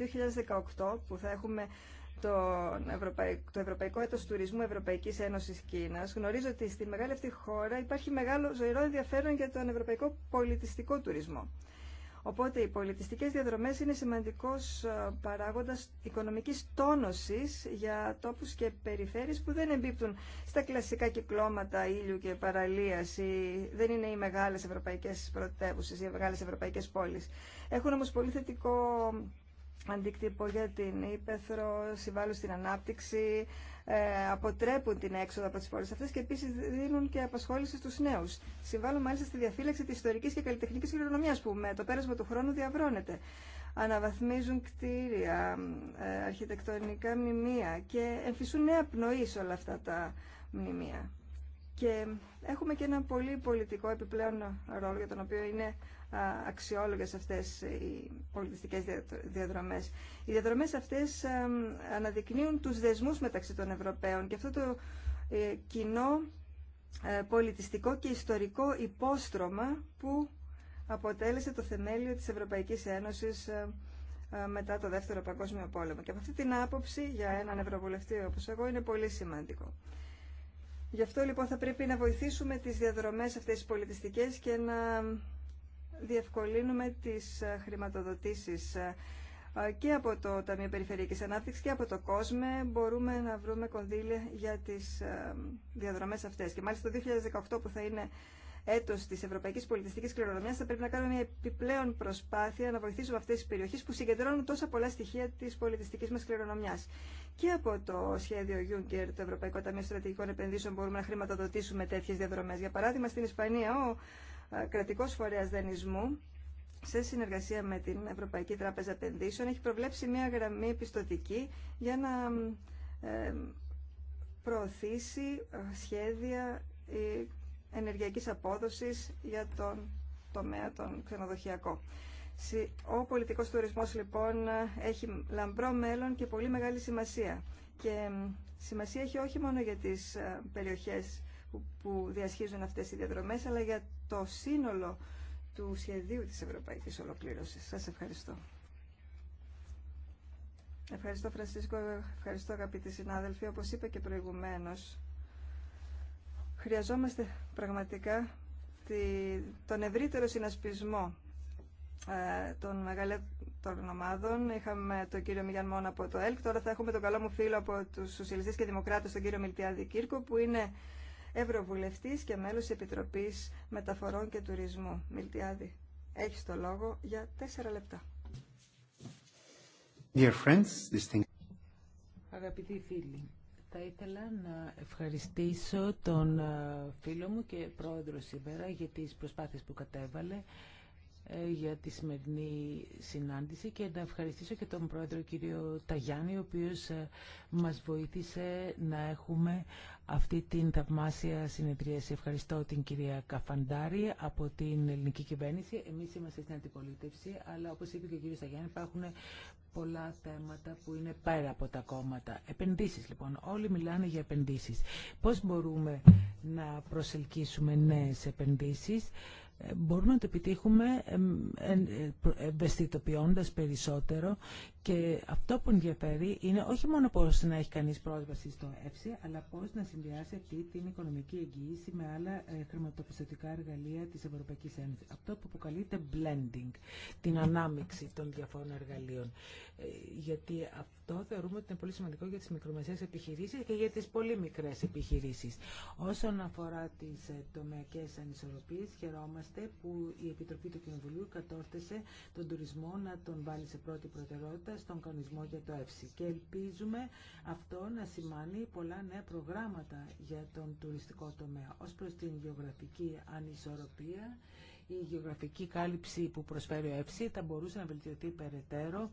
2018, που θα έχουμε το Ευρωπαϊκό Έτος Τουρισμού Ευρωπαϊκής Ένωσης Κίνας. Γνωρίζω ότι στη μεγάλη αυτή χώρα υπάρχει μεγάλο ζωηρό ενδιαφέρον για τον ευρωπαϊκό πολιτιστικό τουρισμό. Οπότε οι πολιτιστικές διαδρομές είναι σημαντικός ε, παράγοντας οικονομικής τόνωσης για τόπους και περιφέρειες που δεν εμπίπτουν στα κλασικά κυκλώματα ήλιου και παραλίας ή δεν είναι οι μεγάλες ευρωπαϊκές πρωτεύουσες ή οι μεγάλες ευρωπαϊκές πόλεις. Έχουν όμως πολύ θετικό αντίκτυπο για την ύπεθρο, συμβάλλουν στην ανάπτυξη, ε, αποτρέπουν την έξοδο από τι πόλεις αυτές και επίσης δίνουν και απασχόληση στους νέου. Συμβάλλουν μάλιστα στη διαφύλαξη της ιστορικής και καλλιτεχνικής κληρονομιάς που με το πέρασμα του χρόνου διαβρώνεται. Αναβαθμίζουν κτίρια, ε, αρχιτεκτονικά μνημεία και εμφυσούν νέα πνοή σε όλα αυτά τα μνημεία. Και έχουμε και ένα πολύ πολιτικό επιπλέον ρόλο για τον οποίο είναι αξιόλογες αυτές οι πολιτιστικές διαδρομές. Οι διαδρομές αυτές αναδεικνύουν τους δεσμούς μεταξύ των Ευρωπαίων και αυτό το ε, κοινό ε, πολιτιστικό και ιστορικό υπόστρωμα που αποτέλεσε το θεμέλιο της Ευρωπαϊκής Ένωσης ε, μετά το Δεύτερο Παγκόσμιο Πόλεμο. Και από αυτή την άποψη για έναν Ευρωβουλευτή όπως εγώ είναι πολύ σημαντικό. Γι' αυτό λοιπόν θα πρέπει να βοηθήσουμε τις διαδρομές αυτές τις πολιτιστικές και να διευκολύνουμε τις ε, χρηματοδοτήσεις ε, και από το Ταμείο Περιφερειακής Ανάπτυξης και από το Κόσμε μπορούμε να βρούμε κονδύλια για τις ε, διαδρομές αυτές. Και μάλιστα το 2018 που θα είναι έτος της Ευρωπαϊκής Πολιτιστικής Κληρονομιάς θα πρέπει να κάνουμε μια επιπλέον προσπάθεια να βοηθήσουμε αυτές τις περιοχές που συγκεντρώνουν τόσα πολλά στοιχεία της πολιτιστικής μας κληρονομιάς. Και από το σχέδιο Juncker, το Ευρωπαϊκό Ταμείο Στρατηγικών Επενδύσεων, μπορούμε να χρηματοδοτήσουμε τέτοιε διαδρομέ. Για παράδειγμα, στην Ισπανία, ο ε, κρατικός φορέας δανεισμού σε συνεργασία με την Ευρωπαϊκή Τράπεζα Επενδύσεων έχει προβλέψει μια γραμμή πιστοτική για να ε, προωθήσει ε, σχέδια ενεργειακής απόδοσης για τον τομέα τον ξενοδοχειακό. Ο πολιτικός τουρισμός λοιπόν έχει λαμπρό μέλλον και πολύ μεγάλη σημασία. Και σημασία έχει όχι μόνο για τις περιοχές που διασχίζουν αυτές οι διαδρομές, αλλά για το σύνολο του σχεδίου της Ευρωπαϊκής Ολοκλήρωσης. Σας ευχαριστώ. Ευχαριστώ Φρανσίσκο, ευχαριστώ αγαπητοί συνάδελφοι. Όπως είπα και προηγουμένως, χρειαζόμαστε πραγματικά τον ευρύτερο συνασπισμό ε, των μεγαλύτερων ομάδων. Είχαμε τον κύριο Μιγιάν από το ΕΛΚ, τώρα θα έχουμε τον καλό μου φίλο από του Σοσιαλιστέ και δημοκράτε τον κύριο Μιλτιάδη Κύρκο, που είναι Ευρωβουλευτής και μέλος Επιτροπής Μεταφορών και Τουρισμού. Μιλτιάδη, έχει το λόγο για τέσσερα λεπτά. Dear friends, this Αγαπητοί φίλοι, θα ήθελα να ευχαριστήσω τον ε, φίλο μου και πρόεδρο σήμερα για τις προσπάθειες που κατέβαλε ε, για τη σημερινή συνάντηση και να ευχαριστήσω και τον πρόεδρο κύριο Ταγιάννη ο οποίος ε, μας βοήθησε να έχουμε αυτή την θαυμάσια συνεδρίαση. Ευχαριστώ την κυρία Καφαντάρη από την ελληνική κυβέρνηση. Εμείς είμαστε στην αντιπολίτευση, αλλά όπως είπε και ο κύριος Αγιάννη, υπάρχουν πολλά θέματα που είναι πέρα από τα κόμματα. Επενδύσεις λοιπόν, όλοι μιλάνε για επενδύσεις. Πώς μπορούμε να προσελκύσουμε νέες επενδύσεις, μπορούμε να το επιτύχουμε ε, ευαισθητοποιώντας περισσότερο και αυτό που ενδιαφέρει είναι όχι μόνο πώς να έχει κανείς πρόσβαση στο ΕΦΣΙ, αλλά πώς να συνδυάσει αυτή την οικονομική εγγύηση με άλλα ε, χρηματοπιστωτικά εργαλεία της Ευρωπαϊκής Ένωσης. Αυτό που αποκαλείται blending, την ανάμειξη των διαφόρων εργαλείων. Ε, γιατί αυτό θεωρούμε ότι είναι πολύ σημαντικό για τις μικρομεσαίες επιχειρήσεις και για τις πολύ μικρές επιχειρήσεις. Όσον αφορά τις τομεακές ανισορροπίες, χαιρόμαστε που η Επιτροπή του Κοινοβουλίου κατόρθωσε τον τουρισμό να τον βάλει σε πρώτη προτεραιότητα στον κανονισμό για το ΕΦΣΥ. Και ελπίζουμε αυτό να σημάνει πολλά νέα προγράμματα για τον τουριστικό τομέα. Ως προς την γεωγραφική ανισορροπία, η γεωγραφική κάλυψη που προσφέρει ο ΕΦΣΥ θα μπορούσε να βελτιωθεί περαιτέρω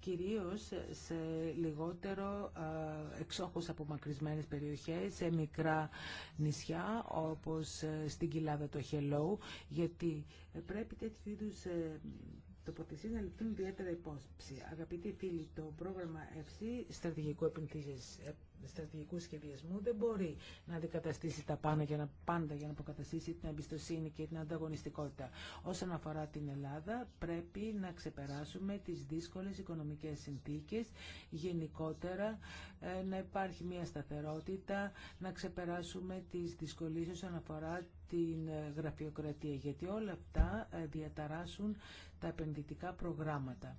κυρίως σε λιγότερο εξόχως απομακρυσμένες περιοχές, σε μικρά νησιά όπως ε, στην κοιλάδα το Χελόου, γιατί πρέπει τέτοιου είδου ε, τοποθεσίες να ληφθούν ιδιαίτερα υπόσψη. Αγαπητοί φίλοι, το πρόγραμμα ΕΦΣΥ, στρατηγικό επενδύσεις ε, στρατηγικού σχεδιασμού δεν μπορεί να αντικαταστήσει τα πάντα, για να, πάντα για να αποκαταστήσει την εμπιστοσύνη και την ανταγωνιστικότητα. Όσον αφορά την Ελλάδα, πρέπει να ξεπεράσουμε τις δύσκολες οικονομικές συνθήκες, γενικότερα ε, να υπάρχει μια σταθερότητα, να ξεπεράσουμε τις δυσκολίες όσον αφορά την ε, γραφειοκρατία, γιατί όλα αυτά ε, διαταράσουν τα επενδυτικά προγράμματα.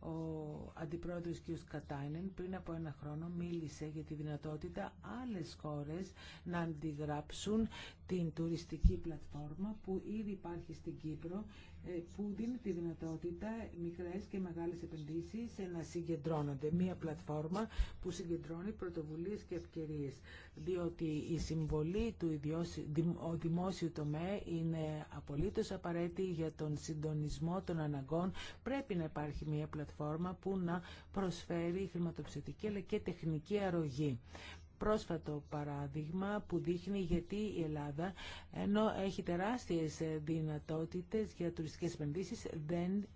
Ο αντιπρόεδρος κ. Κατάινεν πριν από ένα χρόνο μίλησε για τη δυνατότητα άλλες χώρες να αντιγράψουν την τουριστική πλατφόρμα που ήδη υπάρχει στην Κύπρο ε, που δίνει τη δυνατότητα μικρές και μεγάλες επενδύσεις ε, να συγκεντρώνονται. Μία πλατφόρμα που συγκεντρώνει πρωτοβουλίες και ευκαιρίες, διότι η συμβολή του δημόσιου τομέα είναι απολύτως απαραίτητη για τον συντονισμό των αναγκών. Πρέπει να υπάρχει μία πλατφόρμα που να προσφέρει χρηματοψηφιακή αλλά και τεχνική αρρωγή πρόσφατο παράδειγμα που δείχνει γιατί η Ελλάδα, ενώ έχει τεράστιες δυνατότητες για τουριστικές επενδύσεις, δεν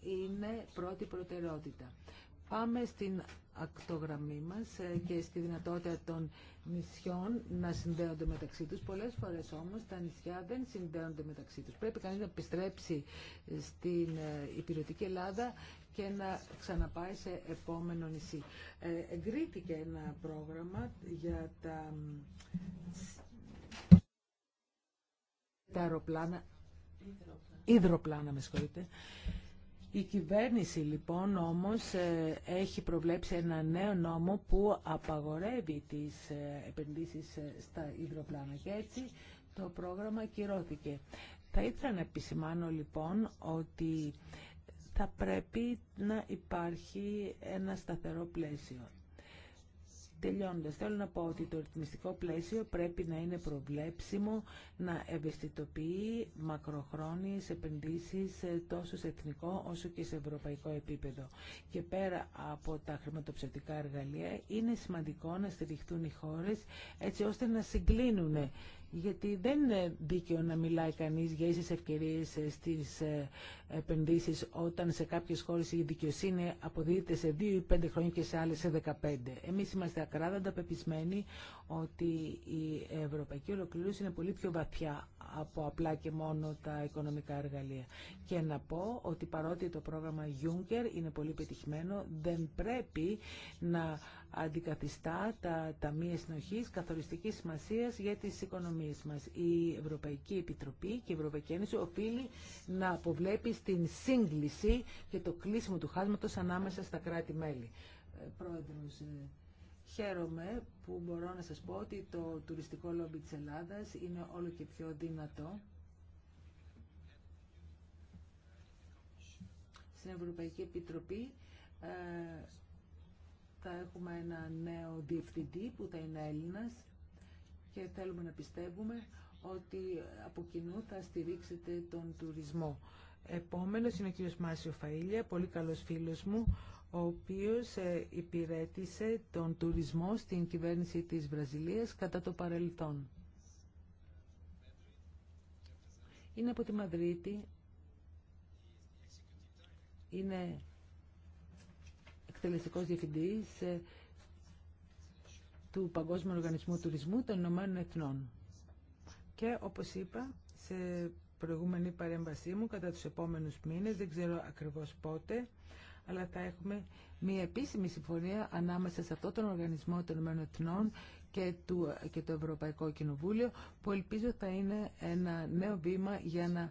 είναι πρώτη προτεραιότητα. Πάμε στην ακτογραμμή μας ε, και στη δυνατότητα των νησιών να συνδέονται μεταξύ τους. Πολλές φορές όμως τα νησιά δεν συνδέονται μεταξύ τους. Πρέπει κανείς να επιστρέψει στην ε, υπηρετική Ελλάδα και να ξαναπάει σε επόμενο νησί. Ε, εγκρίθηκε ένα πρόγραμμα για τα, τα αεροπλάνα, υδροπλάνα με συγχωρείτε, η κυβέρνηση λοιπόν όμως ε, έχει προβλέψει ένα νέο νόμο που απαγορεύει τις ε, επενδύσεις στα υδροπλάνα και έτσι το πρόγραμμα κυρώθηκε. Θα ήθελα να επισημάνω λοιπόν ότι θα πρέπει να υπάρχει ένα σταθερό πλαίσιο. Τελειώνοντας, θέλω να πω ότι το ρυθμιστικό πλαίσιο πρέπει να είναι προβλέψιμο, να ευαισθητοποιεί μακροχρόνιες επενδύσεις ε, τόσο σε εθνικό όσο και σε ευρωπαϊκό επίπεδο. Και πέρα από τα χρηματοψηφιακά εργαλεία, είναι σημαντικό να στηριχτούν οι χώρες έτσι ώστε να συγκλίνουν γιατί δεν είναι δίκαιο να μιλάει κανείς για ίσες ευκαιρίες ε, στις ε, επενδύσεις όταν σε κάποιες χώρες η δικαιοσύνη αποδίδεται σε δύο ή πέντε χρόνια και σε άλλες σε 15. Εμείς είμαστε ακράδαντα πεπισμένοι ότι η ευρωπαϊκή ολοκλήρωση είναι πολύ πιο βαθιά από απλά και μόνο τα οικονομικά εργαλεία. Και να πω ότι παρότι το πρόγραμμα Juncker είναι πολύ πετυχημένο, δεν πρέπει να αντικαθιστά τα ταμεία συνοχής καθοριστικής σημασίας για τις οικονομίες μας. Η Ευρωπαϊκή Επιτροπή και η Ευρωπαϊκή Ένωση οφείλει να αποβλέπει στην σύγκληση και το κλείσιμο του χάσματος ανάμεσα στα κράτη-μέλη. Ε, πρόεδρος, ε, χαίρομαι που μπορώ να σας πω ότι το τουριστικό λόμπι της Ελλάδας είναι όλο και πιο δυνατό. Στην Ευρωπαϊκή Επιτροπή ε, θα έχουμε ένα νέο διευθυντή που θα είναι Έλληνας και θέλουμε να πιστεύουμε ότι από κοινού θα στηρίξετε τον τουρισμό. Επόμενος είναι ο κύριος Μάσιο Φαΐλια, πολύ καλός φίλος μου, ο οποίος ε, υπηρέτησε τον τουρισμό στην κυβέρνηση της Βραζιλίας κατά το παρελθόν. Είναι από τη Μαδρίτη, είναι εκτελεστικός διευθυντής ε, του Παγκόσμιου Οργανισμού Τουρισμού των Ηνωμένων Εθνών. Και όπως είπα, σε προηγούμενη παρέμβασή μου, κατά τους επόμενους μήνες, δεν ξέρω ακριβώς πότε, αλλά θα έχουμε μια επίσημη συμφωνία ανάμεσα σε αυτόν τον οργανισμό των Ηνωμένων Εθνών και, του, και το Ευρωπαϊκό Κοινοβούλιο, που ελπίζω θα είναι ένα νέο βήμα για να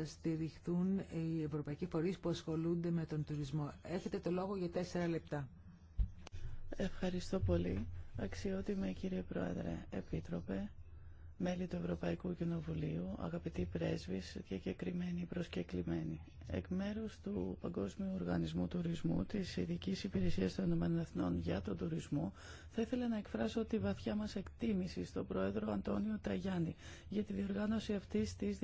ε, στηριχθούν οι ευρωπαϊκοί φορείς που ασχολούνται με τον τουρισμό. Έχετε το λόγο για τέσσερα λεπτά. Ευχαριστώ πολύ. Αξιότιμε κύριε Πρόεδρε, Επίτροπε μέλη του Ευρωπαϊκού Κοινοβουλίου, αγαπητοί πρέσβεις, διακεκριμένοι προσκεκλημένοι. Εκ μέρους του Παγκόσμιου Οργανισμού Τουρισμού, της Ειδικής Υπηρεσίας των Εθνών για τον Τουρισμό, θα ήθελα να εκφράσω τη βαθιά μας εκτίμηση στον Πρόεδρο Αντώνιο Ταγιάννη για τη διοργάνωση αυτής της,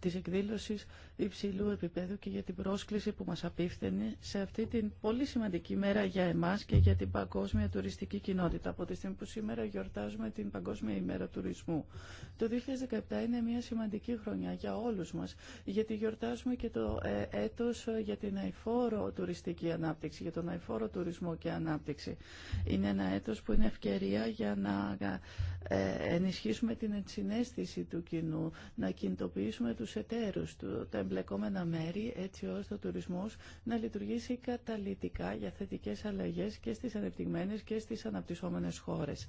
της εκδήλωσης υψηλού επίπεδου και για την πρόσκληση που μας απίφθενε σε αυτή την πολύ σημαντική μέρα για εμάς και για την παγκόσμια τουριστική κοινότητα. Από τη στιγμή που σήμερα γιορτάζουμε την Παγκόσμια ημέρα τουρισμού. Το 2017 είναι μια σημαντική χρονιά για όλους μας, γιατί γιορτάζουμε και το ε, έτος ε, για την αηφόρο τουριστική ανάπτυξη, για τον αηφόρο τουρισμό και ανάπτυξη. Είναι ένα έτος που είναι ευκαιρία για να ε, ενισχύσουμε την συνέστηση του κοινού, να κινητοποιήσουμε τους εταίρους, τα εμπλεκόμενα μέρη, έτσι ώστε ο τουρισμός να λειτουργήσει καταλυτικά για θετικές αλλαγές και στις ανεπτυγμένες και στις αναπτυσσόμενες χώρες.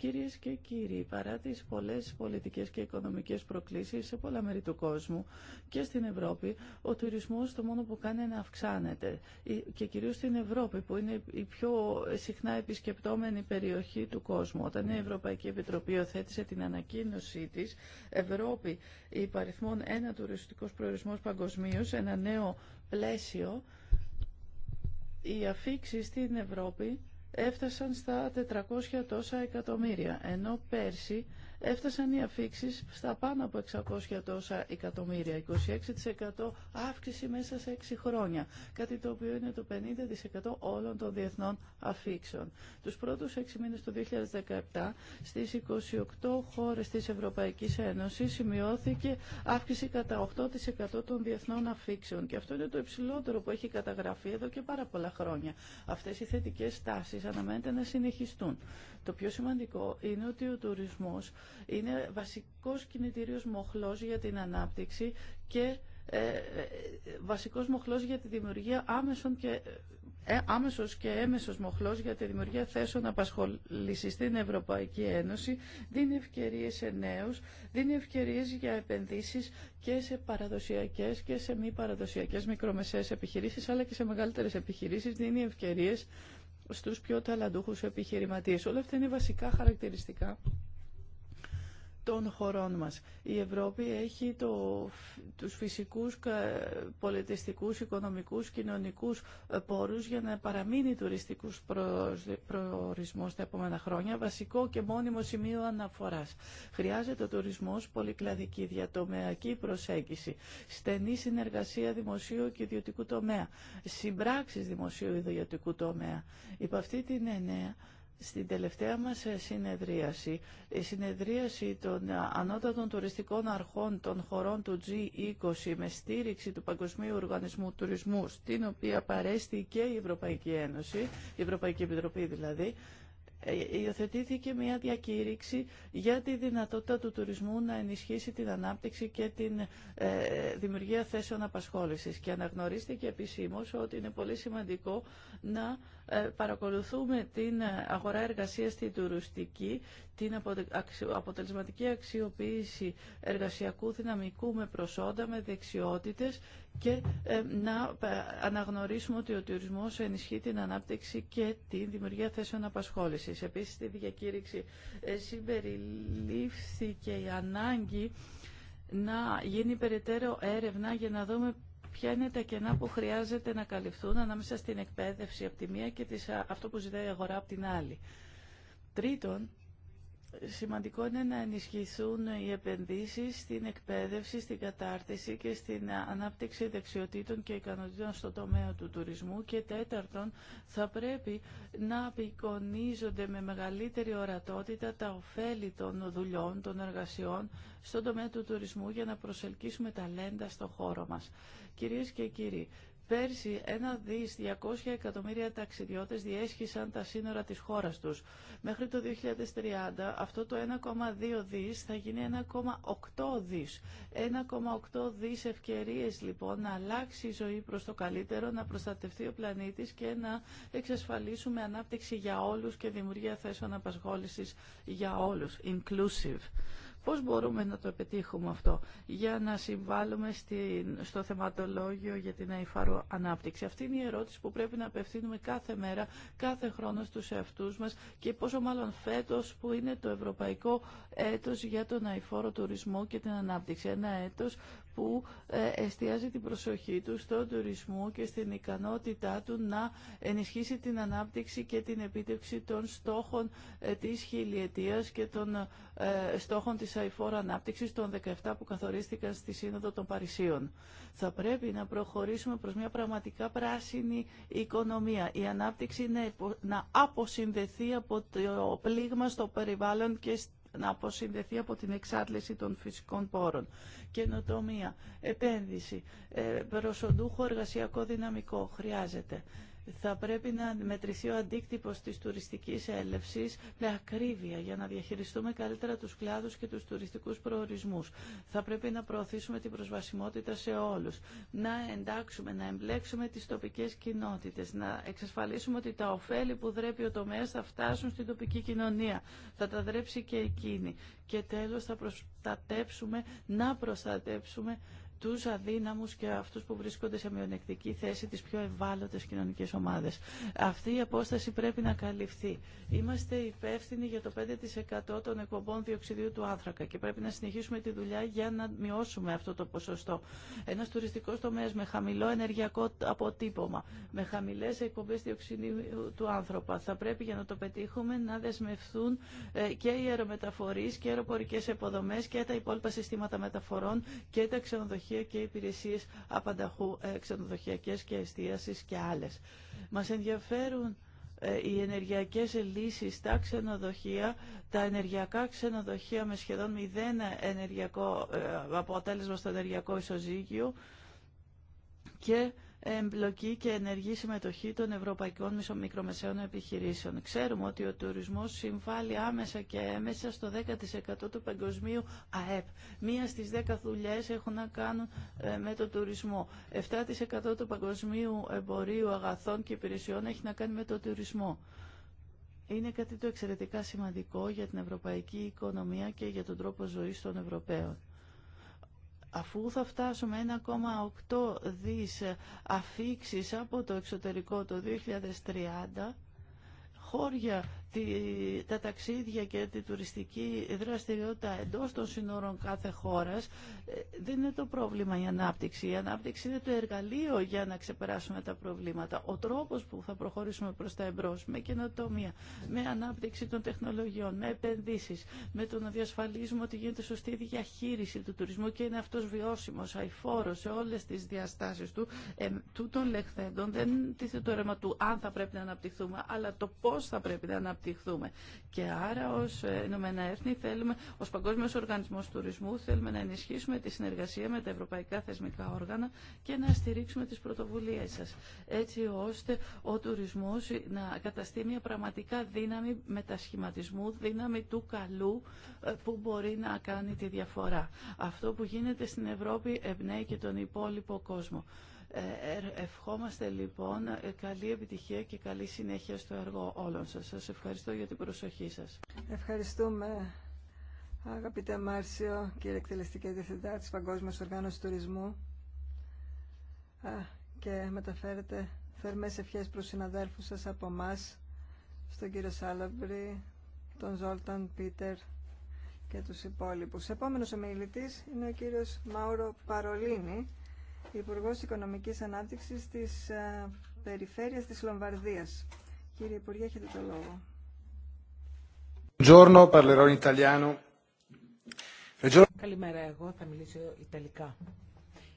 Κυρίες και κύριοι, παρά τις πολλές πολιτικές και οικονομικές προκλήσεις σε πολλά μέρη του κόσμου και στην Ευρώπη, ο τουρισμός το μόνο που κάνει είναι να αυξάνεται. Και κυρίως στην Ευρώπη, που είναι η πιο συχνά επισκεπτόμενη περιοχή του κόσμου. Όταν η Ευρωπαϊκή Επιτροπή οθέτησε την ανακοίνωσή της, Ευρώπη υπαριθμών ένα τουριστικός προορισμός παγκοσμίω, ένα νέο πλαίσιο, οι αφήξει στην Ευρώπη έφτασαν στα 400 τόσα εκατομμύρια, ενώ πέρσι έφτασαν οι αφήξεις στα πάνω από 600 τόσα εκατομμύρια, 26% αύξηση μέσα σε 6 χρόνια, κάτι το οποίο είναι το 50% όλων των διεθνών αφήξεων. Τους πρώτους 6 μήνες του 2017 στις 28 χώρες της Ευρωπαϊκής Ένωσης σημειώθηκε αύξηση κατά 8% των διεθνών αφήξεων και αυτό είναι το υψηλότερο που έχει καταγραφεί εδώ και πάρα πολλά χρόνια. Αυτές οι θετικές τάσεις αναμένεται να συνεχιστούν. Το πιο σημαντικό είναι ότι ο τουρισμός είναι βασικός κινητήριος μοχλός για την ανάπτυξη και ε, ε, βασικός μοχλός για τη δημιουργία άμεσων και ε, άμεσος και έμεσος μοχλός για τη δημιουργία θέσεων απασχόλησης στην Ευρωπαϊκή Ένωση, δίνει ευκαιρίες σε νέους, δίνει ευκαιρίες για επενδύσεις και σε παραδοσιακές και σε μη παραδοσιακές μικρομεσαίες επιχειρήσεις, αλλά και σε μεγαλύτερες επιχειρήσεις, δίνει ευκαιρίες στους πιο ταλαντούχους επιχειρηματίες. Όλα αυτά είναι βασικά χαρακτηριστικά των χωρών μας. Η Ευρώπη έχει το, τους φυσικούς, πολιτιστικούς, οικονομικούς, κοινωνικούς ε, πόρους για να παραμείνει τουριστικούς προορισμούς τα επόμενα χρόνια, βασικό και μόνιμο σημείο αναφοράς. Χρειάζεται ο τουρισμός πολυκλαδική, διατομεακή προσέγγιση, στενή συνεργασία δημοσίου και ιδιωτικού τομέα, συμπράξεις δημοσίου ιδιωτικού τομέα. Υπ' αυτή την ενέα. Στην τελευταία μας συνεδρίαση, η συνεδρίαση των ανώτατων τουριστικών αρχών των χωρών του G20 με στήριξη του Παγκοσμίου Οργανισμού Τουρισμού, στην οποία παρέστηκε η Ευρωπαϊκή Ένωση, η Ευρωπαϊκή Επιτροπή δηλαδή, ε, υιοθετήθηκε μια διακήρυξη για τη δυνατότητα του τουρισμού να ενισχύσει την ανάπτυξη και την ε, δημιουργία θέσεων απασχόλησης και αναγνωρίστηκε επισήμως ότι είναι πολύ σημαντικό να ε, παρακολουθούμε την αγορά εργασίας στην τουριστική, την αποτελεσματική αξιοποίηση εργασιακού δυναμικού με προσόντα, με δεξιότητες και ε, να ε, αναγνωρίσουμε ότι ο τουρισμός ενισχύει την ανάπτυξη και τη δημιουργία θέσεων απασχόλησης. Επίσης, στη διακήρυξη ε, συμπεριλήφθηκε η ανάγκη να γίνει περαιτέρω έρευνα για να δούμε ποια είναι τα κενά που χρειάζεται να καλυφθούν ανάμεσα στην εκπαίδευση από τη μία και τις, αυτό που ζητάει η αγορά από την άλλη. Τρίτον, Σημαντικό είναι να ενισχυθούν οι επενδύσεις στην εκπαίδευση, στην κατάρτιση και στην ανάπτυξη δεξιοτήτων και ικανοτήτων στο τομέα του τουρισμού και τέταρτον θα πρέπει να απεικονίζονται με μεγαλύτερη ορατότητα τα ωφέλη των δουλειών, των εργασιών στον τομέα του τουρισμού για να προσελκύσουμε ταλέντα στο χώρο μας. Κυρίες και κύριοι, Πέρσι, ένα δις 200 εκατομμύρια ταξιδιώτες διέσχισαν τα σύνορα της χώρας τους. Μέχρι το 2030 αυτό το 1,2 δις θα γίνει 1,8 δις. 1,8 δις ευκαιρίες λοιπόν να αλλάξει η ζωή προς το καλύτερο, να προστατευτεί ο πλανήτης και να εξασφαλίσουμε ανάπτυξη για όλους και δημιουργία θέσεων απασχόλησης για όλους. Inclusive. Πώς μπορούμε να το επιτύχουμε αυτό για να συμβάλλουμε στην, στο θεματολόγιο για την αηφαρό ανάπτυξη. Αυτή είναι η ερώτηση που πρέπει να απευθύνουμε κάθε μέρα, κάθε χρόνο στους εαυτούς μας και πόσο μάλλον φέτος που είναι το ευρωπαϊκό έτος για τον αηφόρο τουρισμό και την ανάπτυξη. Ένα έτος που ε, εστιάζει την προσοχή του στον τουρισμό και στην ικανότητά του να ενισχύσει την ανάπτυξη και την επίτευξη των στόχων ε, της χιλιετίας και των ε, στόχων της η φόρα ανάπτυξη των 17 που καθορίστηκαν στη Σύνοδο των Παρισίων. Θα πρέπει να προχωρήσουμε προ μια πραγματικά πράσινη οικονομία. Η ανάπτυξη να αποσυνδεθεί από το πλήγμα στο περιβάλλον και να αποσυνδεθεί από την εξάρτηση των φυσικών πόρων. Καινοτομία, επένδυση, ε, προσοντούχο εργασιακό δυναμικό χρειάζεται θα πρέπει να μετρηθεί ο αντίκτυπος της τουριστικής έλευσης με ακρίβεια για να διαχειριστούμε καλύτερα τους κλάδους και τους τουριστικούς προορισμούς. Θα πρέπει να προωθήσουμε την προσβασιμότητα σε όλους, να εντάξουμε, να εμπλέξουμε τις τοπικές κοινότητες, να εξασφαλίσουμε ότι τα ωφέλη που δρέπει ο τομέας θα φτάσουν στην τοπική κοινωνία, θα τα δρέψει και εκείνη. Και τέλος θα προστατέψουμε, να προστατέψουμε τους αδύναμους και αυτούς που βρίσκονται σε μειονεκτική θέση τι πιο ευάλωτες κοινωνικές ομάδες. Αυτή η απόσταση πρέπει να καλυφθεί. Είμαστε υπεύθυνοι για το 5% των εκπομπών διοξιδίου του άνθρακα και πρέπει να συνεχίσουμε τη δουλειά για να μειώσουμε αυτό το ποσοστό. Ένας τουριστικός τομέας με χαμηλό ενεργειακό αποτύπωμα, με χαμηλές εκπομπές διοξιδίου του άνθρωπα θα πρέπει για να το πετύχουμε να δεσμευθούν ε, και οι αερομεταφορεί και οι αεροπορικές υποδομές και τα υπόλοιπα συστήματα μεταφορών και τα ξενοδοχεία ξενοδοχεία και υπηρεσίε απανταχού, ε, ξενοδοχειακέ και εστίασης και άλλες. Μας ενδιαφέρουν ε, οι ενεργειακές λύσει στα ξενοδοχεία, τα ενεργειακά ξενοδοχεία με σχεδόν μηδέν ενεργειακό ε, αποτέλεσμα στο ενεργειακό ισοζύγιο και εμπλοκή και ενεργή συμμετοχή των ευρωπαϊκών μικρομεσαίων επιχειρήσεων. Ξέρουμε ότι ο τουρισμός συμβάλλει άμεσα και έμεσα στο 10% του παγκοσμίου ΑΕΠ. Μία στις 10 δουλειέ έχουν να κάνουν ε, με το τουρισμό. 7% του παγκοσμίου εμπορίου αγαθών και υπηρεσιών έχει να κάνει με το τουρισμό. Είναι κάτι το εξαιρετικά σημαντικό για την ευρωπαϊκή οικονομία και για τον τρόπο ζωής των Ευρωπαίων αφού θα φτάσουμε 1,8 δις αφήξεις από το εξωτερικό το 2030, χώρια τα ταξίδια και τη τουριστική δραστηριότητα εντός των σύνορων κάθε χώρας ε, δεν είναι το πρόβλημα η ανάπτυξη. Η ανάπτυξη είναι το εργαλείο για να ξεπεράσουμε τα προβλήματα. Ο τρόπος που θα προχωρήσουμε προς τα εμπρός με καινοτομία, με ανάπτυξη των τεχνολογιών, με επενδύσεις, με το να διασφαλίζουμε ότι γίνεται σωστή διαχείριση του τουρισμού και είναι αυτός βιώσιμος, αηφόρος σε όλες τις διαστάσεις του, ε, τούτων λεχθέντων δεν τίθεται το ρέμα του αν θα πρέπει να αναπτυχθούμε, αλλά το πώς θα πρέπει να αναπτυχθούμε και άρα ως ε, Ηνωμένα Έθνη θέλουμε, ως Παγκόσμιος Οργανισμός Τουρισμού θέλουμε να ενισχύσουμε τη συνεργασία με τα ευρωπαϊκά θεσμικά όργανα και να στηρίξουμε τις πρωτοβουλίε σας. Έτσι ώστε ο τουρισμός να καταστεί μια πραγματικά δύναμη μετασχηματισμού, δύναμη του καλού ε, που μπορεί να κάνει τη διαφορά. Αυτό που γίνεται στην Ευρώπη εμπνέει και τον υπόλοιπο κόσμο. Ε, ε, ευχόμαστε λοιπόν καλή επιτυχία και καλή συνέχεια στο έργο όλων σας. Σας ευχαριστώ για την προσοχή σας. Ευχαριστούμε αγαπητέ Μάρσιο, κύριε εκτελεστική διευθυντά της Παγκόσμιας Οργάνωσης Τουρισμού και μεταφέρετε θερμές ευχές προς συναδέλφους σας από εμά στον κύριο Σάλαμπρη, τον Ζόλταν Πίτερ και τους υπόλοιπους. Επόμενος ομιλητής είναι ο κύριος Μάουρο Παρολίνη Υπουργός Οικονομικής Ανάπτυξης της ε, Περιφέρειας της Λομβαρδίας. Κύριε Υπουργέ, έχετε το λόγο. Καλημέρα, εγώ θα μιλήσω Ιταλικά.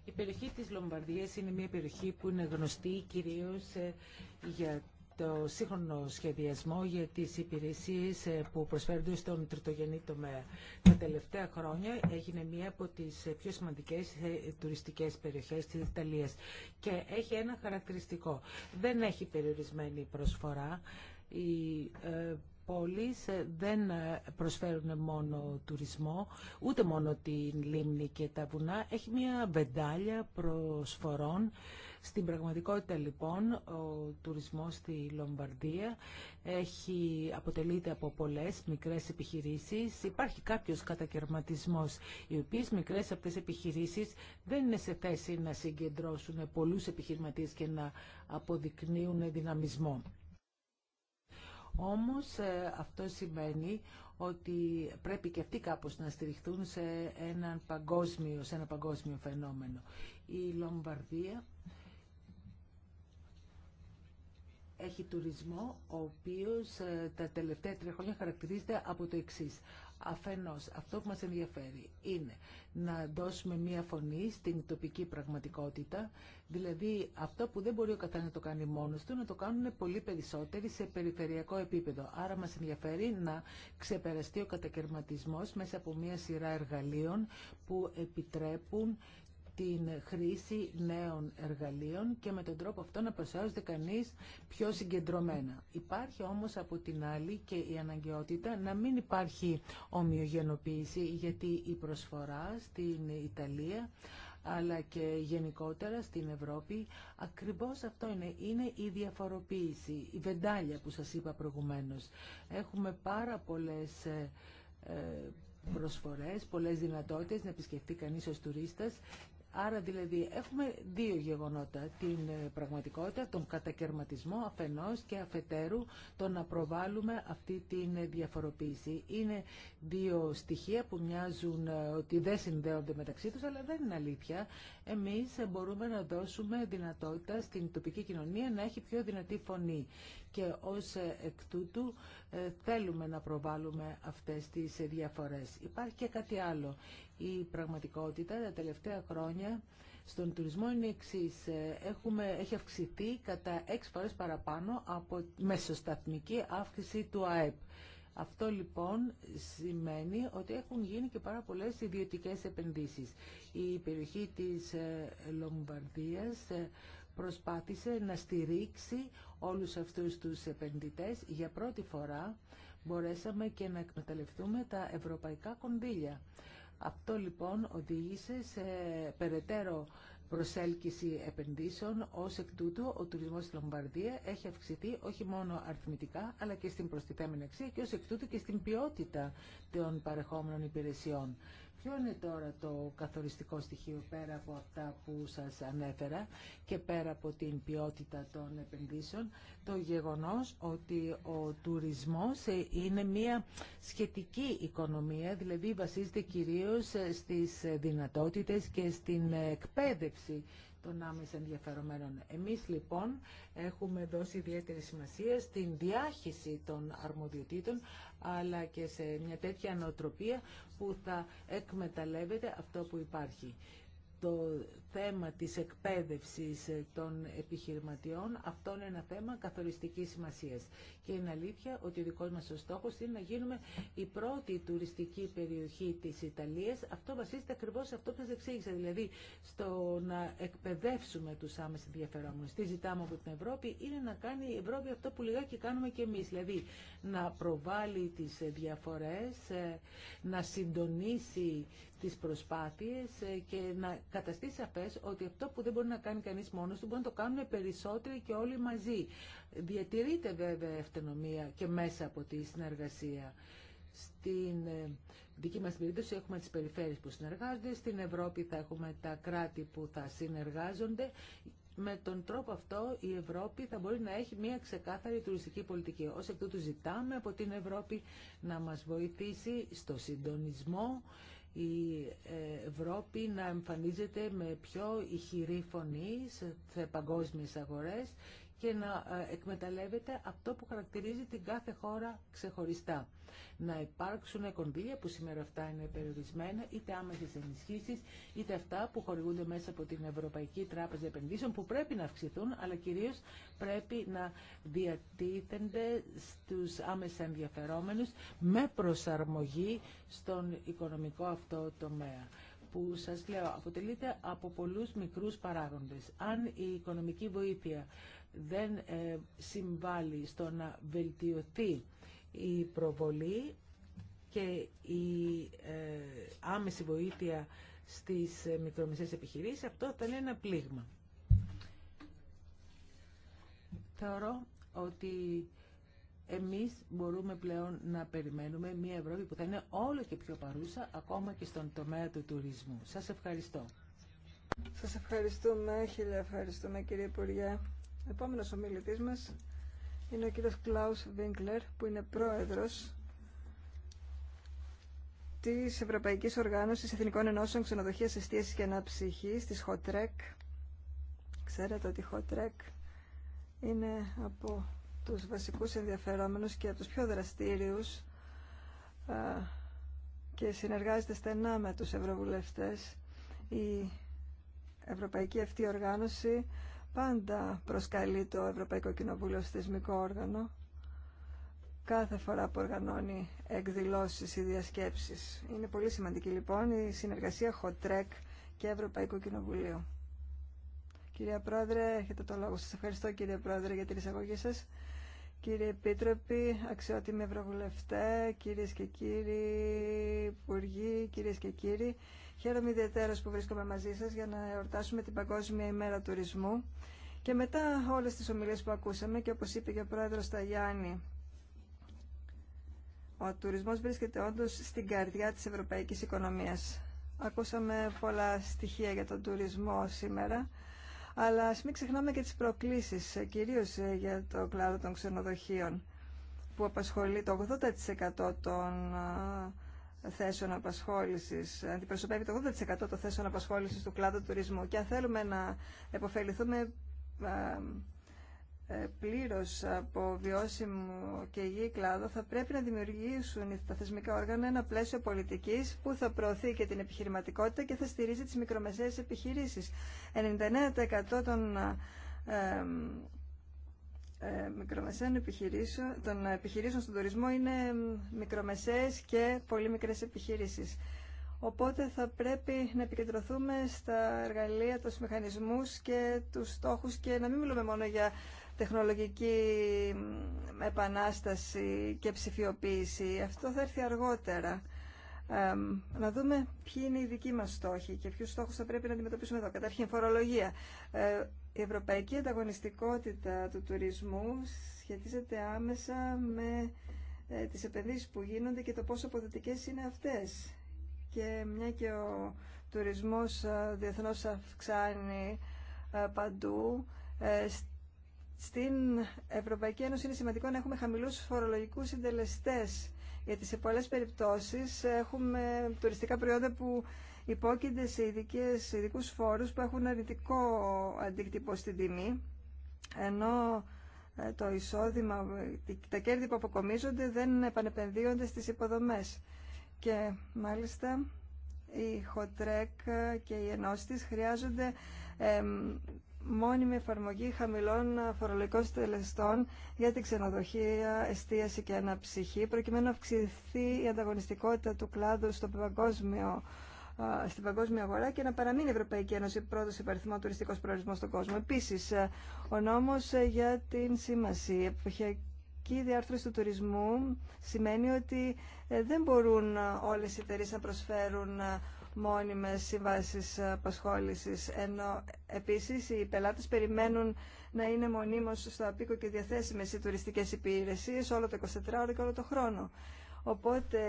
Η περιοχή της Λομβαρδίας είναι μια περιοχή που είναι γνωστή κυρίως ε, για το σύγχρονο σχεδιασμό για τις υπηρεσίες ε, που προσφέρονται στον τριτογενή τομέα. Τα τελευταία χρόνια έγινε μία από τις ε, πιο σημαντικές ε, τουριστικές περιοχές της Ιταλίας και έχει ένα χαρακτηριστικό. Δεν έχει περιορισμένη προσφορά. Οι πόλεις δεν προσφέρουν μόνο τουρισμό, ούτε μόνο την λίμνη και τα βουνά. Έχει μία βεντάλια προσφορών στην πραγματικότητα λοιπόν ο τουρισμός στη Λομβαρδία έχει, αποτελείται από πολλές μικρές επιχειρήσεις. Υπάρχει κάποιος κατακαιρματισμός. Οι οποίες μικρές αυτές επιχειρήσεις δεν είναι σε θέση να συγκεντρώσουν πολλούς επιχειρηματίες και να αποδεικνύουν δυναμισμό. Όμως ε, αυτό σημαίνει ότι πρέπει και αυτοί κάπως να στηριχθούν σε, παγκόσμιο, σε ένα παγκόσμιο φαινόμενο. Η Λομβαρδία έχει τουρισμό ο οποίος ε, τα τελευταία τρία χρόνια χαρακτηρίζεται από το εξής. Αφενός, αυτό που μας ενδιαφέρει είναι να δώσουμε μία φωνή στην τοπική πραγματικότητα, δηλαδή αυτό που δεν μπορεί ο καθένας να το κάνει μόνος του, να το κάνουν πολύ περισσότεροι σε περιφερειακό επίπεδο. Άρα μας ενδιαφέρει να ξεπεραστεί ο κατακαιρματισμός μέσα από μία σειρά εργαλείων που επιτρέπουν την χρήση νέων εργαλείων και με τον τρόπο αυτό να προσαρμόζεται κανείς πιο συγκεντρωμένα. Υπάρχει όμως από την άλλη και η αναγκαιότητα να μην υπάρχει ομοιογενοποίηση γιατί η προσφορά στην Ιταλία αλλά και γενικότερα στην Ευρώπη ακριβώς αυτό είναι, είναι η διαφοροποίηση, η βεντάλια που σας είπα προηγουμένως. Έχουμε πάρα πολλές ε, ε, προσφορές, πολλές δυνατότητες να επισκεφτεί κανείς ως τουρίστας Άρα δηλαδή έχουμε δύο γεγονότα. Την ε, πραγματικότητα, τον κατακαιρματισμό αφενός και αφετέρου το να προβάλλουμε αυτή την ε, διαφοροποίηση. Είναι δύο στοιχεία που μοιάζουν ε, ότι δεν συνδέονται μεταξύ τους, αλλά δεν είναι αλήθεια εμείς μπορούμε να δώσουμε δυνατότητα στην τοπική κοινωνία να έχει πιο δυνατή φωνή. Και ως ε, εκ τούτου ε, θέλουμε να προβάλλουμε αυτές τις ε, διαφορές. Υπάρχει και κάτι άλλο. Η πραγματικότητα τα τελευταία χρόνια στον τουρισμό είναι εξή. Έχουμε, έχει αυξηθεί κατά έξι φορές παραπάνω από μεσοσταθμική αύξηση του ΑΕΠ. Αυτό λοιπόν σημαίνει ότι έχουν γίνει και πάρα πολλές ιδιωτικές επενδύσεις. Η περιοχή της ε, Λομβαρδίας ε, προσπάθησε να στηρίξει όλους αυτούς τους επενδυτές. Για πρώτη φορά μπορέσαμε και να εκμεταλλευτούμε τα ευρωπαϊκά κονδύλια. Αυτό λοιπόν οδήγησε σε περαιτέρω προσέλκυση επενδύσεων. Ως εκ τούτου, ο τουρισμός στη Λομπαρδία έχει αυξηθεί όχι μόνο αριθμητικά, αλλά και στην προστιθέμενη αξία και ως εκ τούτου και στην ποιότητα των παρεχόμενων υπηρεσιών. Ποιο είναι τώρα το καθοριστικό στοιχείο πέρα από αυτά που σας ανέφερα και πέρα από την ποιότητα των επενδύσεων, το γεγονός ότι ο τουρισμός είναι μια σχετική οικονομία, δηλαδή βασίζεται κυρίως στις δυνατότητες και στην εκπαίδευση των άμεσα ενδιαφερομένων. Εμείς λοιπόν έχουμε δώσει ιδιαίτερη σημασία στην διάχυση των αρμοδιοτήτων αλλά και σε μια τέτοια νοοτροπία που θα εκμεταλλεύεται αυτό που υπάρχει θέμα της εκπαίδευσης των επιχειρηματιών, αυτό είναι ένα θέμα καθοριστικής σημασίας. Και είναι αλήθεια ότι ο δικός μας ο στόχος είναι να γίνουμε η πρώτη τουριστική περιοχή της Ιταλίας. Αυτό βασίζεται ακριβώς σε αυτό που σας εξήγησα, δηλαδή στο να εκπαιδεύσουμε τους άμεσα ενδιαφερόμενους. Τι ζητάμε από την Ευρώπη είναι να κάνει η Ευρώπη αυτό που λιγάκι κάνουμε και εμείς, δηλαδή να προβάλλει τις διαφορές, να συντονίσει τις προσπάθειες και να καταστήσει απέναντι ότι αυτό που δεν μπορεί να κάνει κανείς μόνος του μπορεί να το κάνουν περισσότεροι και όλοι μαζί. Διατηρείται βέβαια αυτονομία και μέσα από τη συνεργασία. Στην ε, δική μας περίπτωση έχουμε τις περιφέρειες που συνεργάζονται, στην Ευρώπη θα έχουμε τα κράτη που θα συνεργάζονται με τον τρόπο αυτό η Ευρώπη θα μπορεί να έχει μια ξεκάθαρη τουριστική πολιτική. Ως εκ τούτου ζητάμε από την Ευρώπη να μας βοηθήσει στο συντονισμό η ε, Ευρώπη να εμφανίζεται με πιο ηχηρή φωνή σε παγκόσμιες αγορές και να ε, εκμεταλλεύεται αυτό που χαρακτηρίζει την κάθε χώρα ξεχωριστά. Να υπάρξουν κονδύλια που σήμερα αυτά είναι περιορισμένα, είτε άμεσε ενισχύσει, είτε αυτά που χορηγούνται μέσα από την Ευρωπαϊκή Τράπεζα Επενδύσεων, που πρέπει να αυξηθούν, αλλά κυρίω πρέπει να διατίθενται στου άμεσα ενδιαφερόμενου με προσαρμογή στον οικονομικό αυτό τομέα που σας λέω αποτελείται από πολλούς μικρούς παράγοντες. Αν η οικονομική βοήθεια δεν ε, συμβάλλει στο να βελτιωθεί η προβολή και η ε, άμεση βοήθεια στις ε, μικρομεσαίες επιχειρήσεις, αυτό θα είναι ένα πλήγμα. Θεωρώ ότι εμείς μπορούμε πλέον να περιμένουμε μια Ευρώπη που θα είναι όλο και πιο παρούσα ακόμα και στον τομέα του τουρισμού. Σας ευχαριστώ. Σας ευχαριστούμε, χίλια ευχαριστούμε κύριε Υπουργέ. Επόμενος ομιλητής μας είναι ο κύριος Κλάους Βίγκλερ που είναι πρόεδρος της Ευρωπαϊκής Οργάνωσης Εθνικών Ενώσεων Ξενοδοχείας Εστίασης και Αναψυχής της HOTREC. Ξέρετε ότι η είναι από τους βασικούς ενδιαφερόμενους και από τους πιο δραστήριους ε, και συνεργάζεται στενά με τους ευρωβουλευτές. Η Ευρωπαϊκή αυτή οργάνωση πάντα προσκαλεί το Ευρωπαϊκό Κοινοβούλιο θεσμικό όργανο κάθε φορά που οργανώνει εκδηλώσεις ή διασκέψεις. Είναι πολύ σημαντική λοιπόν η συνεργασία HOTREC και Ευρωπαϊκού Κοινοβουλίου. Κυρία Πρόεδρε, έχετε το λόγο. Σας ευχαριστώ κύριε Πρόεδρε για την εισαγωγή σας. Κύριε Επίτροπη, αξιότιμοι Ευρωβουλευτέ, κυρίες και κύριοι Υπουργοί, κύριε και κύριοι, χαίρομαι ιδιαίτερα που βρίσκομαι μαζί σα για να εορτάσουμε την Παγκόσμια ημέρα τουρισμού και μετά όλε τι ομιλίε που ακούσαμε και όπω είπε και ο Πρόεδρο Ταγιάννη, ο τουρισμό βρίσκεται όντω στην καρδιά τη Ευρωπαϊκή Οικονομία. Ακούσαμε πολλά στοιχεία για τον τουρισμό σήμερα, αλλά ας μην ξεχνάμε και τις προκλήσεις, ε, κυρίως ε, για το κλάδο των ξενοδοχείων, που απασχολεί το 80% των ε, θέσεων απασχόλησης, αντιπροσωπεύει το 80% των θέσεων απασχόλησης του κλάδου τουρισμού. Και αν θέλουμε να επωφεληθούμε ε, πλήρως από βιώσιμο και υγιή κλάδο θα πρέπει να δημιουργήσουν τα θεσμικά όργανα ένα πλαίσιο πολιτικής που θα προωθεί και την επιχειρηματικότητα και θα στηρίζει τις μικρομεσαίες επιχειρήσεις. 99% των ε, ε, μικρομεσαίων επιχειρήσεων, των επιχειρήσεων στον τουρισμό είναι μικρομεσαίες και πολύ μικρές επιχειρήσεις. Οπότε θα πρέπει να επικεντρωθούμε στα εργαλεία, τους μηχανισμούς και τους στόχους και να μην μιλούμε μόνο για τεχνολογική επανάσταση και ψηφιοποίηση. Αυτό θα έρθει αργότερα. να δούμε ποιοι είναι οι δικοί μας στόχοι και ποιους στόχους θα πρέπει να αντιμετωπίσουμε εδώ. Καταρχήν, φορολογία. Ε, η ευρωπαϊκή ανταγωνιστικότητα του τουρισμού σχετίζεται άμεσα με ε, τις επενδύσεις που γίνονται και το πόσο αποδοτικές είναι αυτές. Και μια και ο τουρισμός ε, διεθνώς αυξάνει ε, παντού, ε, στην Ευρωπαϊκή Ένωση είναι σημαντικό να έχουμε χαμηλούς φορολογικούς συντελεστές, γιατί σε πολλές περιπτώσεις έχουμε τουριστικά προϊόντα που υπόκεινται σε ειδικές, ειδικούς φόρους που έχουν αρνητικό αντίκτυπο στην τιμή, ενώ ε, το εισόδημα, τα κέρδη που αποκομίζονται δεν επανεπενδύονται στις υποδομές. Και μάλιστα η Χοτρέκ και οι ενώσεις χρειάζονται μόνιμη εφαρμογή χαμηλών φορολογικών συντελεστών για την ξενοδοχεία, εστίαση και αναψυχή, προκειμένου να αυξηθεί η ανταγωνιστικότητα του κλάδου στο παγκόσμιο στην παγκόσμια αγορά και να παραμείνει η Ευρωπαϊκή Ένωση πρώτο υπαριθμό τουριστικό προορισμό στον κόσμο. Επίση, ε, ο νόμο ε, για την σήμαση. Η εποχιακή διάρθρωση του τουρισμού σημαίνει ότι ε, δεν μπορούν όλε οι εταιρείε να προσφέρουν μόνιμες συμβάσεις απασχόλησης, ενώ επίσης οι πελάτες περιμένουν να είναι μονίμως στο απίκο και διαθέσιμες οι τουριστικές υπηρεσίες όλο το 24ωρο και όλο το χρόνο. Οπότε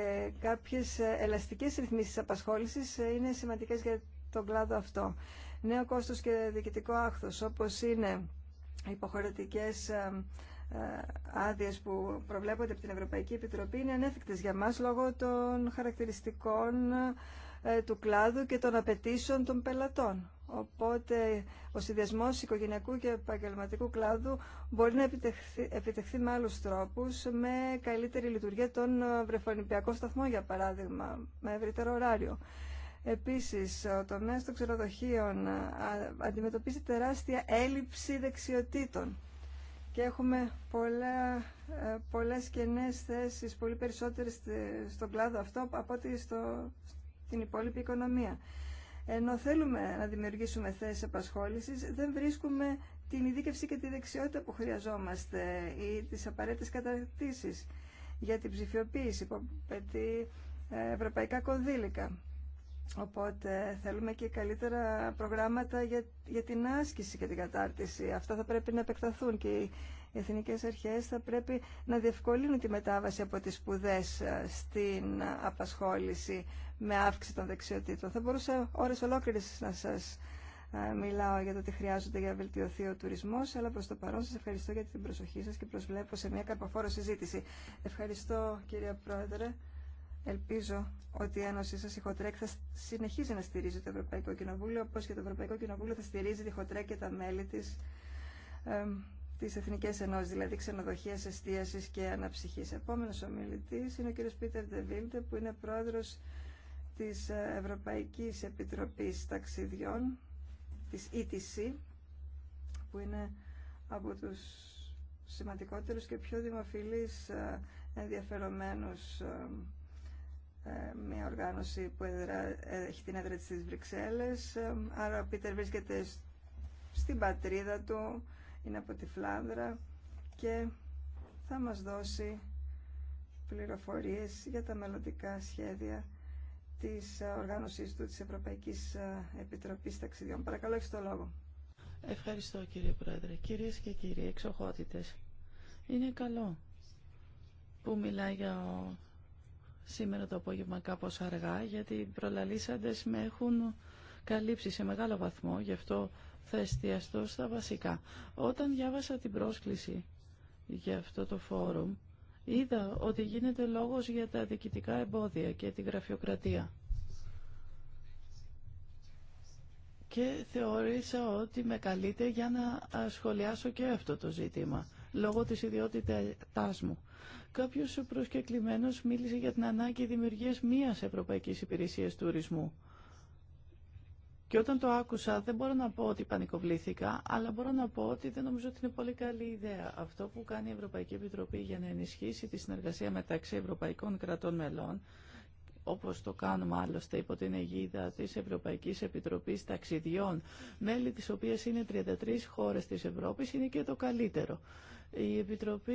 κάποιες ελαστικές ρυθμίσεις απασχόλησης είναι σημαντικές για τον κλάδο αυτό. Νέο κόστος και διοικητικό άχθος, όπως είναι υποχρεωτικές ε, ε, άδειε που προβλέπονται από την Ευρωπαϊκή Επιτροπή είναι ανέφικτε για μας λόγω των χαρακτηριστικών ε, του κλάδου και των απαιτήσεων των πελατών. Οπότε ο συνδυασμό οικογενειακού και επαγγελματικού κλάδου μπορεί να επιτευχθεί, με άλλου τρόπου, με καλύτερη λειτουργία των βρεφονιπιακών σταθμών, για παράδειγμα, με ευρύτερο ωράριο. Επίση, ο μέσο των ξενοδοχείων αντιμετωπίζει τεράστια έλλειψη δεξιοτήτων. Και έχουμε πολλά, ε, πολλές κενές θέσεις, πολύ περισσότερες στον κλάδο αυτό από ότι στο, την υπόλοιπη οικονομία. Ενώ θέλουμε να δημιουργήσουμε θέσει απασχόληση, δεν βρίσκουμε την ειδίκευση και τη δεξιότητα που χρειαζόμαστε ή τι απαραίτητε καταρτήσει για την ψηφιοποίηση που απαιτεί ε, ευρωπαϊκά κονδύλικα. Οπότε θέλουμε και καλύτερα προγράμματα για, για την άσκηση και την κατάρτιση. Αυτά θα πρέπει να επεκταθούν και οι εθνικές αρχές θα πρέπει να διευκολύνουν τη μετάβαση από τις σπουδέ ε, στην απασχόληση με αύξηση των δεξιοτήτων. Θα μπορούσα ώρες ολόκληρες να σας ε, μιλάω για το τι χρειάζονται για να βελτιωθεί ο τουρισμός, αλλά προς το παρόν σας ευχαριστώ για την προσοχή σας και προσβλέπω σε μια καρποφόρο συζήτηση. Ευχαριστώ κυρία Πρόεδρε. Ελπίζω ότι η Ένωση σα, η Χοτρέκ, θα συνεχίζει να στηρίζει το Ευρωπαϊκό Κοινοβούλιο, όπω και το Ευρωπαϊκό Κοινοβούλιο θα στηρίζει τη Χοτρέκ και τα μέλη τη τι Εθνικέ ενώσει, δηλαδή ξενοδοχεία, εστίαση και αναψυχής. Επόμενο ομιλητή, είναι ο κ. Πίτερ Ντεβίλτε, που είναι πρόεδρος της Ευρωπαϊκής Επιτροπής Ταξιδιών, της ETC, που είναι από τους σημαντικότερου και πιο δημοφιλείς ε, ενδιαφερομένους ε, ε, μια οργάνωση που έχει την έδρα της Βρυξέλλες. Άρα ο Πίτερ βρίσκεται στην πατρίδα του, είναι από τη Φλάνδρα και θα μας δώσει πληροφορίες για τα μελλοντικά σχέδια της ε, οργάνωσής του της Ευρωπαϊκής ε, Επιτροπής Ταξιδιών. Παρακαλώ, έχεις το λόγο. Ευχαριστώ κύριε Πρόεδρε. Κυρίες και κύριοι εξοχότητες, είναι καλό που μιλάει για σήμερα το απόγευμα κάπως αργά γιατί οι προλαλήσαντες με έχουν καλύψει σε μεγάλο βαθμό, γι' αυτό θα εστιαστώ στα βασικά. Όταν διάβασα την πρόσκληση για αυτό το φόρουμ, είδα ότι γίνεται λόγος για τα διοικητικά εμπόδια και τη γραφειοκρατία. Και θεώρησα ότι με καλείται για να σχολιάσω και αυτό το ζήτημα, λόγω της ιδιότητάς μου. Κάποιος προσκεκλημένος μίλησε για την ανάγκη δημιουργίας μίας ευρωπαϊκής υπηρεσίας τουρισμού. Και όταν το άκουσα δεν μπορώ να πω ότι πανικοβλήθηκα, αλλά μπορώ να πω ότι δεν νομίζω ότι είναι πολύ καλή ιδέα. Αυτό που κάνει η Ευρωπαϊκή Επιτροπή για να ενισχύσει τη συνεργασία μεταξύ ευρωπαϊκών κρατών μελών, όπω το κάνουμε άλλωστε υπό την αιγίδα τη Ευρωπαϊκή Επιτροπή Ταξιδιών, μέλη τη οποία είναι 33 χώρε τη Ευρώπη, είναι και το καλύτερο. Η Επιτροπή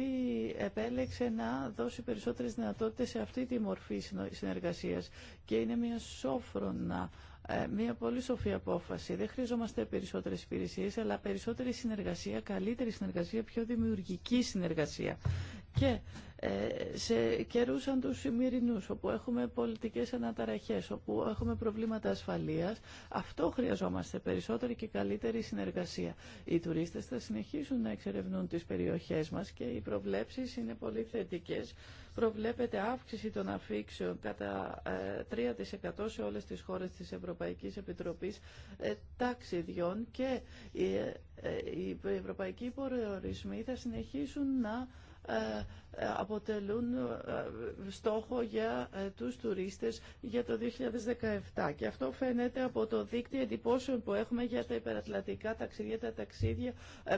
επέλεξε να δώσει περισσότερες δυνατότητες σε αυτή τη μορφή συνεργασίας και είναι μια σόφρονα ε, μια πολύ σοφή απόφαση. Δεν χρειαζόμαστε περισσότερε υπηρεσίε, αλλά περισσότερη συνεργασία, καλύτερη συνεργασία, πιο δημιουργική συνεργασία. Και ε, σε καιρού σαν του σημερινού, όπου έχουμε πολιτικές αναταραχές, όπου έχουμε προβλήματα ασφαλείας, αυτό χρειαζόμαστε περισσότερη και καλύτερη συνεργασία. Οι τουρίστε θα συνεχίσουν να εξερευνούν τι περιοχέ μα και οι προβλέψεις είναι πολύ θετικέ προβλέπεται αύξηση των αφήξεων κατά 3% ε, σε όλες τις χώρες της Ευρωπαϊκής Επιτροπής ε, ταξιδιών και ε, οι ευρωπαϊκοί προορισμοί θα συνεχίσουν να ε, ε, αποτελούν ε, στόχο για τους τουρίστες για το 2017. Και αυτό φαίνεται από το δίκτυο εντυπώσεων που έχουμε για τα υπερατλαντικά ταξίδια, τα ταξίδια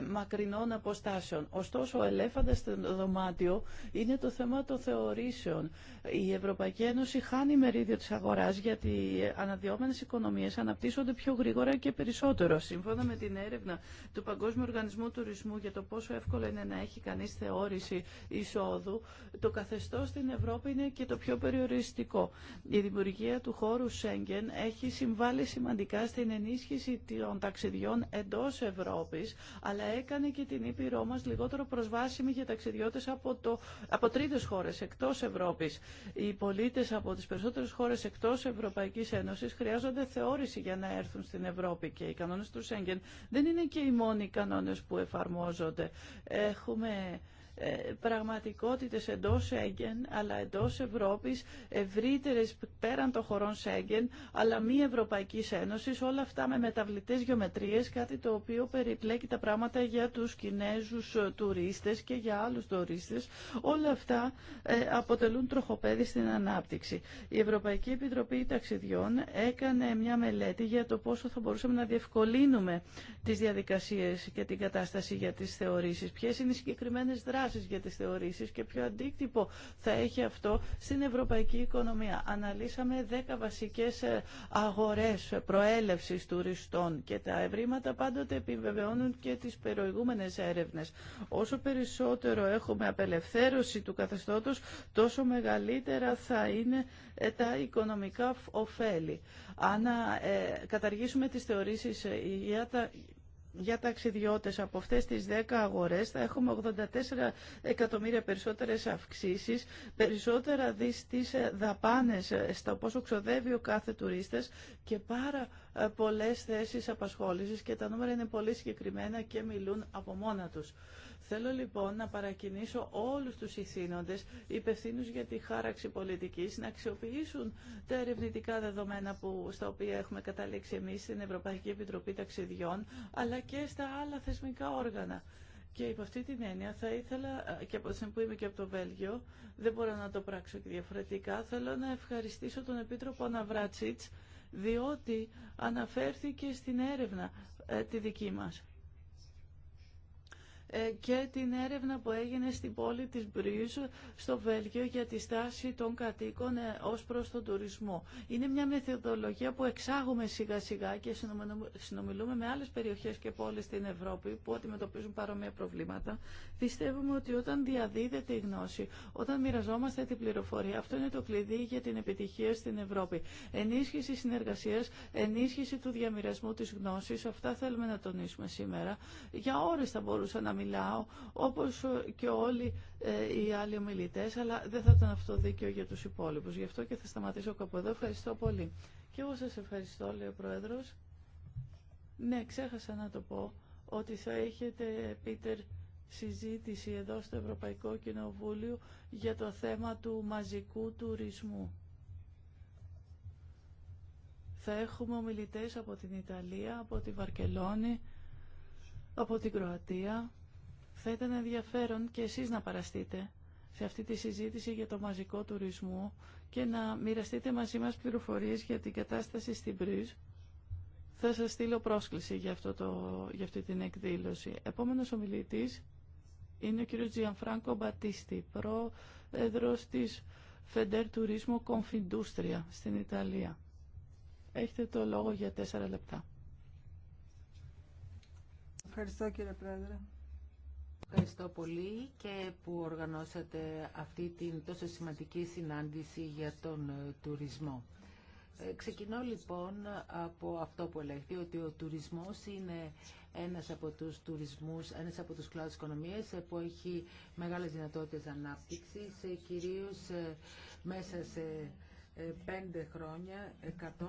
μακρινών αποστάσεων. Ωστόσο, ο ελέφαντας στο δωμάτιο είναι το θέμα των θεωρήσεων. Η Ευρωπαϊκή Ένωση χάνει μερίδιο της αγοράς γιατί οι αναδυόμενες οικονομίες αναπτύσσονται πιο γρήγορα και περισσότερο. Σύμφωνα με την έρευνα του Παγκόσμιου Οργανισμού Τουρισμού για το πόσο εύκολο είναι να έχει κανείς θεώρηση εισόδου, το καθεστώ στην Ευρώπη είναι και το πιο περιοριστικό. Η δημιουργία του χώρου Σέγγεν έχει συμβάλει σημαντικά στην ενίσχυση των ταξιδιών εντό Ευρώπη, αλλά έκανε και την Ήπειρό μα λιγότερο προσβάσιμη για ταξιδιώτε από, το, από τρίτες χώρες εκτός Ευρώπης. Οι πολίτε από τι περισσότερε χώρε εκτό Ευρωπαϊκή Ένωση χρειάζονται θεώρηση για να έρθουν στην Ευρώπη και οι κανόνε του Σέγγεν δεν είναι και οι μόνοι κανόνε που εφαρμόζονται. Έχουμε ε, πραγματικότητες εντός Σέγγεν, αλλά εντός Ευρώπης, ευρύτερε πέραν των χωρών Σέγγεν, αλλά μη Ευρωπαϊκή Ένωση, όλα αυτά με μεταβλητές γεωμετρίες, κάτι το οποίο περιπλέκει τα πράγματα για τους Κινέζους τουρίστες και για άλλους τουρίστες. Όλα αυτά ε, αποτελούν τροχοπέδι στην ανάπτυξη. Η Ευρωπαϊκή Επιτροπή Ταξιδιών έκανε μια μελέτη για το πόσο θα μπορούσαμε να διευκολύνουμε τις διαδικασίες και την κατάσταση για τις θεωρήσεις. Ποιες είναι οι συγκεκριμένες αντιδράσεις για τις θεωρήσεις και ποιο αντίκτυπο θα έχει αυτό στην ευρωπαϊκή οικονομία. Αναλύσαμε 10 βασικές ε, αγορές προέλευσης τουριστών και τα ευρήματα πάντοτε επιβεβαιώνουν και τις προηγούμενες έρευνες. Όσο περισσότερο έχουμε απελευθέρωση του καθεστώτος, τόσο μεγαλύτερα θα είναι ε, τα οικονομικά ωφέλη. Αν ε, καταργήσουμε τις θεωρήσεις για τα για ταξιδιώτες από αυτές τις 10 αγορές θα έχουμε 84 εκατομμύρια περισσότερες αυξήσεις, περισσότερα δις δαπάνες στα πόσο ξοδεύει ο κάθε τουρίστας και πάρα ε, πολλές θέσεις απασχόλησης και τα νούμερα είναι πολύ συγκεκριμένα και μιλούν από μόνα τους. Θέλω λοιπόν να παρακινήσω όλους τους ηθήνοντες υπευθύνους για τη χάραξη πολιτικής να αξιοποιήσουν τα ερευνητικά δεδομένα που, στα οποία έχουμε καταλήξει εμείς στην Ευρωπαϊκή Επιτροπή Ταξιδιών αλλά και στα άλλα θεσμικά όργανα. Και υπό αυτή την έννοια θα ήθελα, και από την που είμαι και από το Βέλγιο, δεν μπορώ να το πράξω και διαφορετικά, θέλω να ευχαριστήσω τον Επίτροπο Αναβράτσιτς, διότι αναφέρθηκε στην έρευνα ε, τη δική μας. Ε, και την έρευνα που έγινε στην πόλη της Μπρίζ στο Βέλγιο για τη στάση των κατοίκων ε, ως προς τον τουρισμό. Είναι μια μεθοδολογία που εξάγουμε σιγά σιγά και συνομιλούμε με άλλες περιοχές και πόλεις στην Ευρώπη που αντιμετωπίζουν παρόμοια προβλήματα. Πιστεύουμε ότι όταν διαδίδεται η γνώση, όταν μοιραζόμαστε την πληροφορία, αυτό είναι το κλειδί για την επιτυχία στην Ευρώπη. Ενίσχυση συνεργασίας, ενίσχυση του διαμοιρασμού της γνώσης, αυτά θέλουμε να τονίσουμε σήμερα. Για ώρες θα μπορούσα να μιλάω όπως και όλοι ε, οι άλλοι ομιλητές, αλλά δεν θα ήταν αυτό δίκαιο για τους υπόλοιπους. Γι' αυτό και θα σταματήσω κάπου εδώ. Ευχαριστώ πολύ. Και εγώ σας ευχαριστώ, λέει ο Πρόεδρος. Ναι, ξέχασα να το πω ότι θα έχετε, Πίτερ, συζήτηση εδώ στο Ευρωπαϊκό Κοινοβούλιο για το θέμα του μαζικού τουρισμού. Θα έχουμε ομιλητές από την Ιταλία, από τη Βαρκελόνη, από την Κροατία, θα ήταν ενδιαφέρον και εσείς να παραστείτε σε αυτή τη συζήτηση για το μαζικό τουρισμό και να μοιραστείτε μαζί μας πληροφορίες για την κατάσταση στην Πρίζ. Θα σας στείλω πρόσκληση για, αυτό το, για αυτή την εκδήλωση. Επόμενος ομιλητής είναι ο κ. Τζιανφράνκο Μπατίστη, πρόεδρος της Φεντέρ Τουρισμού Κομφιντούστρια στην Ιταλία. Έχετε το λόγο για τέσσερα λεπτά. Ευχαριστώ κύριε Πρόεδρε ευχαριστώ πολύ και που οργανώσατε αυτή την τόσο σημαντική συνάντηση για τον ε, τουρισμό. Ε, ξεκινώ λοιπόν από αυτό που ελέγχθη, ότι ο τουρισμός είναι ένας από τους τουρισμούς, ένας από τους κλάδους οικονομίας ε, που έχει μεγάλες δυνατότητες ανάπτυξης, κυρίως μέσα σε ε, πέντε χρόνια 140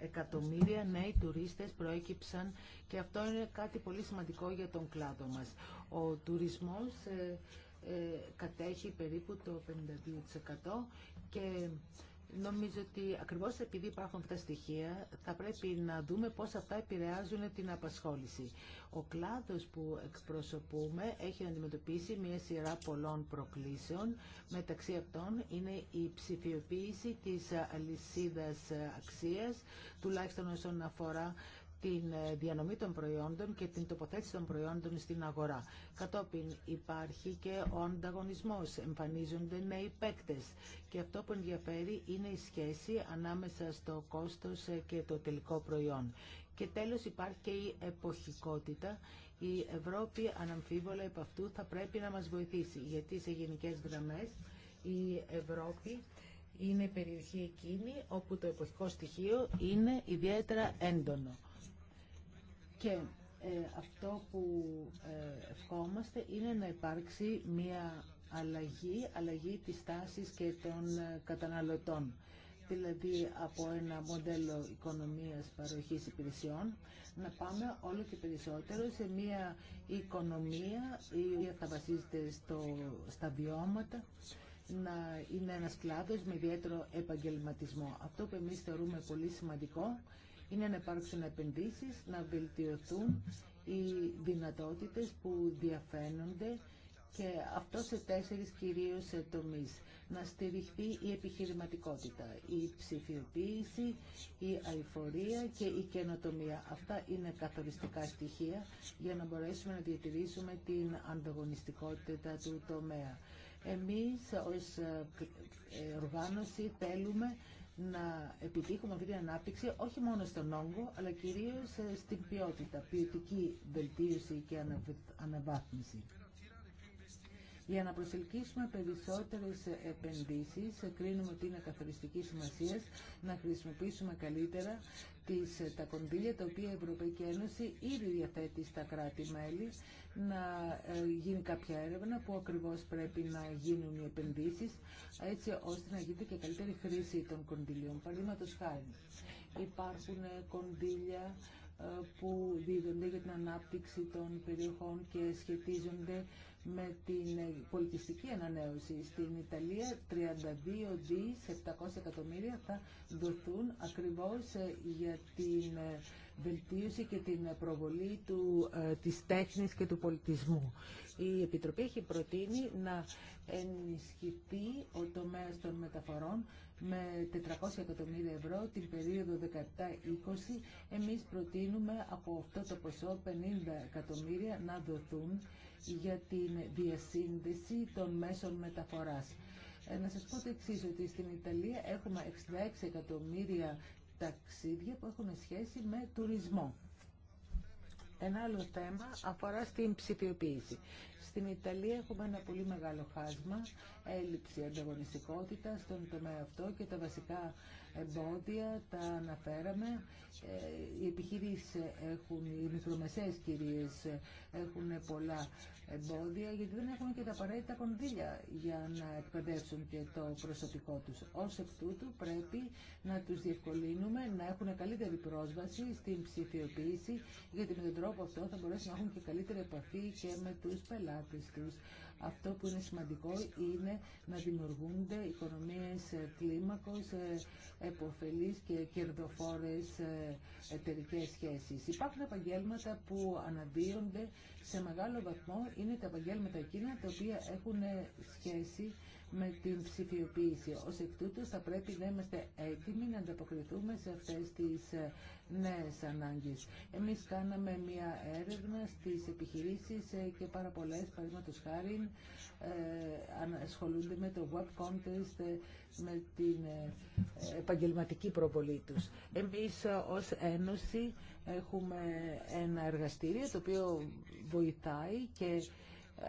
εκατομμύρια νέοι τουρίστες προέκυψαν και αυτό είναι κάτι πολύ σημαντικό για τον κλάδο μας. Ο τουρισμός ε, ε, κατέχει περίπου το 52% και Νομίζω ότι ακριβώς επειδή υπάρχουν αυτά τα στοιχεία θα πρέπει να δούμε πώς αυτά επηρεάζουν την απασχόληση. Ο κλάδος που εκπροσωπούμε έχει αντιμετωπίσει μια σειρά πολλών προκλήσεων. Μεταξύ αυτών είναι η ψηφιοποίηση της αλυσίδας αξίας, τουλάχιστον όσον αφορά την ε, διανομή των προϊόντων και την τοποθέτηση των προϊόντων στην αγορά. Κατόπιν υπάρχει και ο ανταγωνισμός, εμφανίζονται νέοι παίκτες και αυτό που ενδιαφέρει είναι η σχέση ανάμεσα στο κόστος ε, και το τελικό προϊόν. Και τέλος υπάρχει και η εποχικότητα. Η Ευρώπη αναμφίβολα επ' αυτού θα πρέπει να μας βοηθήσει γιατί σε γενικές γραμμές η Ευρώπη είναι η περιοχή εκείνη όπου το εποχικό στοιχείο είναι ιδιαίτερα έντονο. Και ε, αυτό που ε, ευχόμαστε είναι να υπάρξει μια αλλαγή, αλλαγή της τάσης και των ε, καταναλωτών. Δηλαδή από ένα μοντέλο οικονομίας παροχής υπηρεσιών να πάμε όλο και περισσότερο σε μια οικονομία η οποία θα βασίζεται στο, στα βιώματα, να είναι ένας κλάδος με ιδιαίτερο επαγγελματισμό. Αυτό που εμείς θεωρούμε πολύ σημαντικό είναι να υπάρξουν επενδύσεις, να βελτιωθούν οι δυνατότητες που διαφαίνονται και αυτό σε τέσσερις κυρίως τομείς. Να στηριχθεί η επιχειρηματικότητα, η ψηφιοποίηση, η αηφορία και η καινοτομία. Αυτά είναι καθοριστικά στοιχεία για να μπορέσουμε να διατηρήσουμε την ανταγωνιστικότητα του τομέα. Εμείς ως ε, ε, οργάνωση θέλουμε να επιτύχουμε αυτή την ανάπτυξη όχι μόνο στον όγκο, αλλά κυρίως ε, στην ποιότητα, ποιοτική βελτίωση και αναβάθμιση. Για να προσελκύσουμε περισσότερες επενδύσεις, κρίνουμε ότι είναι καθοριστική σημασία να χρησιμοποιήσουμε καλύτερα τις, τα κονδύλια τα οποία η Ευρωπαϊκή Ένωση ήδη διαθέτει στα κράτη-μέλη, να ε, γίνει κάποια έρευνα που ακριβώς πρέπει να γίνουν οι επενδύσεις, έτσι ώστε να γίνεται και καλύτερη χρήση των κονδυλίων. Παραδείγματο χάρη, υπάρχουν κονδύλια ε, που δίδονται για την ανάπτυξη των περιοχών και σχετίζονται με την πολιτιστική ανανέωση. Στην Ιταλία 32 δις 700 εκατομμύρια θα δοθούν ακριβώς ε, για την ε, βελτίωση και την προβολή του, ε, της τέχνης και του πολιτισμού. Η Επιτροπή έχει προτείνει να ενισχυθεί ο τομέας των μεταφορών με 400 εκατομμύρια ευρώ την περίοδο 17-20. Εμείς προτείνουμε από αυτό το ποσό 50 εκατομμύρια να δοθούν για την διασύνδεση των μέσων μεταφοράς. Ε, να σας πω το εξή ότι στην Ιταλία έχουμε 66 εκατομμύρια ταξίδια που έχουν σχέση με τουρισμό. Ένα άλλο θέμα αφορά στην ψηφιοποίηση. Στην Ιταλία έχουμε ένα πολύ μεγάλο χάσμα, έλλειψη ανταγωνιστικότητα στον τομέα αυτό και τα βασικά εμπόδια τα αναφέραμε. Ε, οι επιχειρήσεις έχουν, οι μικρομεσαίες κυρίες έχουν πολλά εμπόδια γιατί δεν έχουν και τα απαραίτητα κονδύλια για να εκπαιδεύσουν και το προσωπικό τους. Ως εκ τούτου πρέπει να τους διευκολύνουμε να έχουν καλύτερη πρόσβαση στην ψηφιοποίηση γιατί με τον τρόπο αυτό θα μπορέσουν να έχουν και καλύτερη επαφή και με τους πελάτες αυτό που είναι σημαντικό είναι να δημιουργούνται οικονομίες ε, κλίμακος, ε, εποφελείς και κερδοφόρες ε, εταιρικέ σχέσεις. Υπάρχουν επαγγέλματα που αναδύονται σε μεγάλο βαθμό, είναι τα επαγγέλματα εκείνα τα οποία έχουν σχέση με την ψηφιοποίηση. Ω εκ τούτου θα πρέπει να είμαστε έτοιμοι να ανταποκριθούμε σε αυτέ τι ε, νέε ανάγκε. Εμεί κάναμε μια έρευνα στι επιχειρήσει ε, και πάρα πολλέ, παραδείγματο χάρη, ε, ασχολούνται με το web contest, με την επαγγελματική προβολή του. Εμεί, ως Ένωση έχουμε ένα εργαστήριο το οποίο βοηθάει και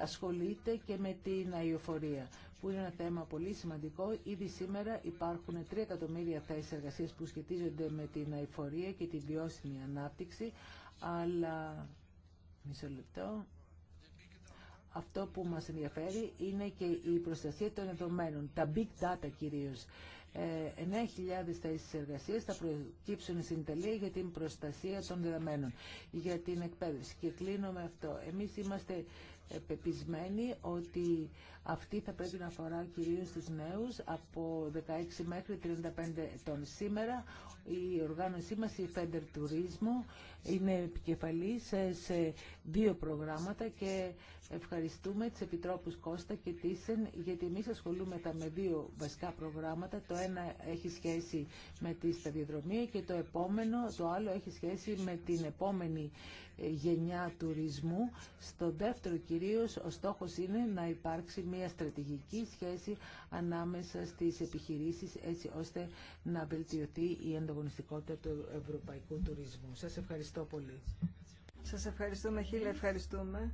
ασχολείται και με την αειοφορία που είναι ένα θέμα πολύ σημαντικό. Ήδη σήμερα υπάρχουν 3 εκατομμύρια θέσει εργασία που σχετίζονται με την αηφορία και την βιώσιμη ανάπτυξη, αλλά μισό λεπτό. Αυτό που μας ενδιαφέρει είναι και η προστασία των δεδομένων, τα big data κυρίως. 9.000 ε, θέσει εργασία θα προκύψουν στην Ιταλία για την προστασία των δεδομένων, για την εκπαίδευση. Και κλείνω με αυτό. Εμείς είμαστε πεπισμένη ότι αυτή θα πρέπει να αφορά κυρίως τους νέους από 16 μέχρι 35 ετών. Σήμερα η οργάνωσή μας, η Φέντερ Turismo, είναι επικεφαλής σε δύο προγράμματα και Ευχαριστούμε τις Επιτρόπους Κώστα και Τίσεν γιατί εμείς ασχολούμεθα με δύο βασικά προγράμματα. Το ένα έχει σχέση με τη σταδιοδρομία και το επόμενο, το άλλο έχει σχέση με την επόμενη ε, γενιά τουρισμού. Στο δεύτερο κυρίως ο στόχος είναι να υπάρξει μια στρατηγική σχέση ανάμεσα στις επιχειρήσεις έτσι ώστε να βελτιωθεί η ανταγωνιστικότητα του ευρωπαϊκού τουρισμού. Σας ευχαριστώ πολύ. Σας ευχαριστούμε, Χίλια, ευχαριστούμε.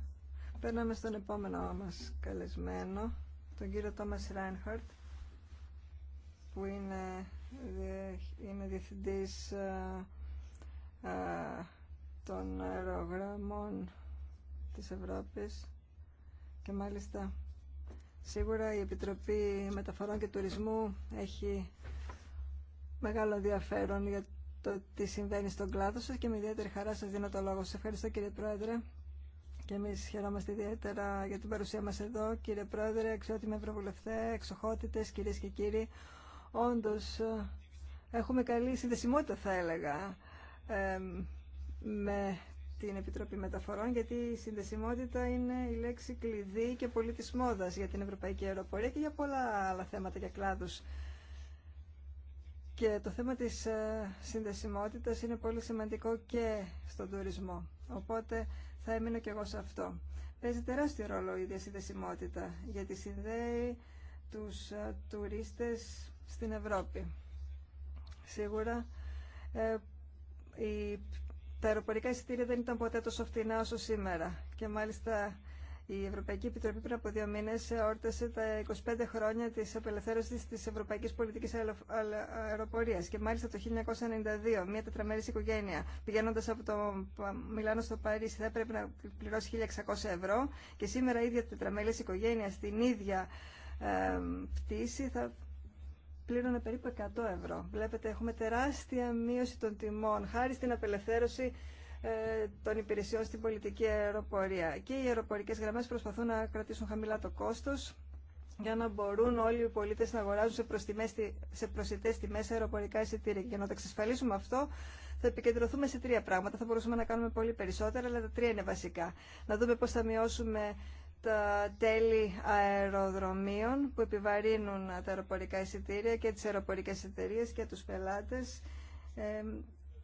Περνάμε στον επόμενο μας καλεσμένο, τον κύριο Τόμας Ράινχαρτ, που είναι, είναι διευθυντής ε, ε, των αερογραμμών της Ευρώπης και μάλιστα σίγουρα η Επιτροπή Μεταφορών και Τουρισμού έχει μεγάλο ενδιαφέρον για το τι συμβαίνει στον κλάδο σας και με ιδιαίτερη χαρά σας δίνω το λόγο. Σας ευχαριστώ κύριε Πρόεδρε. Και εμείς χαιρόμαστε ιδιαίτερα για την παρουσία μας εδώ, κύριε Πρόεδρε, αξιότιμοι Ευρωβουλευτέ, εξοχότητες, κυρίες και κύριοι. Όντως, έχουμε καλή συνδεσιμότητα, θα έλεγα, με την Επιτροπή Μεταφορών, γιατί η συνδεσιμότητα είναι η λέξη κλειδί και πολύ μόδας για την Ευρωπαϊκή Αεροπορία και για πολλά άλλα θέματα και κλάδους. Και το θέμα της ε, συνδεσιμότητας είναι πολύ σημαντικό και στον τουρισμό. Οπότε θα έμεινω κι εγώ σε αυτό. Παίζει τεράστιο ρόλο η διασυνδεσιμότητα γιατί συνδέει τους ε, τουρίστες στην Ευρώπη. Σίγουρα ε, η, τα αεροπορικά εισιτήρια δεν ήταν ποτέ τόσο φτηνά όσο σήμερα και μάλιστα η Ευρωπαϊκή Επιτροπή πριν από δύο μήνε όρτασε τα 25 χρόνια τη απελευθέρωση τη Ευρωπαϊκή Πολιτική Αεροπορία και μάλιστα το 1992 μια τετραμερή οικογένεια πηγαίνοντα από το Μιλάνο στο Παρίσι θα έπρεπε να πληρώσει 1.600 ευρώ και σήμερα η ίδια τετραμερή οικογένεια στην ίδια ε, πτήση θα πλήρωνε περίπου 100 ευρώ. Βλέπετε έχουμε τεράστια μείωση των τιμών χάρη στην απελευθέρωση ε, των υπηρεσιών στην πολιτική αεροπορία. Και οι αεροπορικές γραμμές προσπαθούν να κρατήσουν χαμηλά το κόστος για να μπορούν όλοι οι πολίτες να αγοράζουν σε, σε προσιτές τιμές αεροπορικά εισιτήρια. Και για να το εξασφαλίσουμε αυτό, θα επικεντρωθούμε σε τρία πράγματα. Θα μπορούσαμε να κάνουμε πολύ περισσότερα, αλλά τα τρία είναι βασικά. Να δούμε πώς θα μειώσουμε τα τέλη αεροδρομίων που επιβαρύνουν τα αεροπορικά εισιτήρια και τις αεροπορικές εταιρείε και τους πελάτες ε,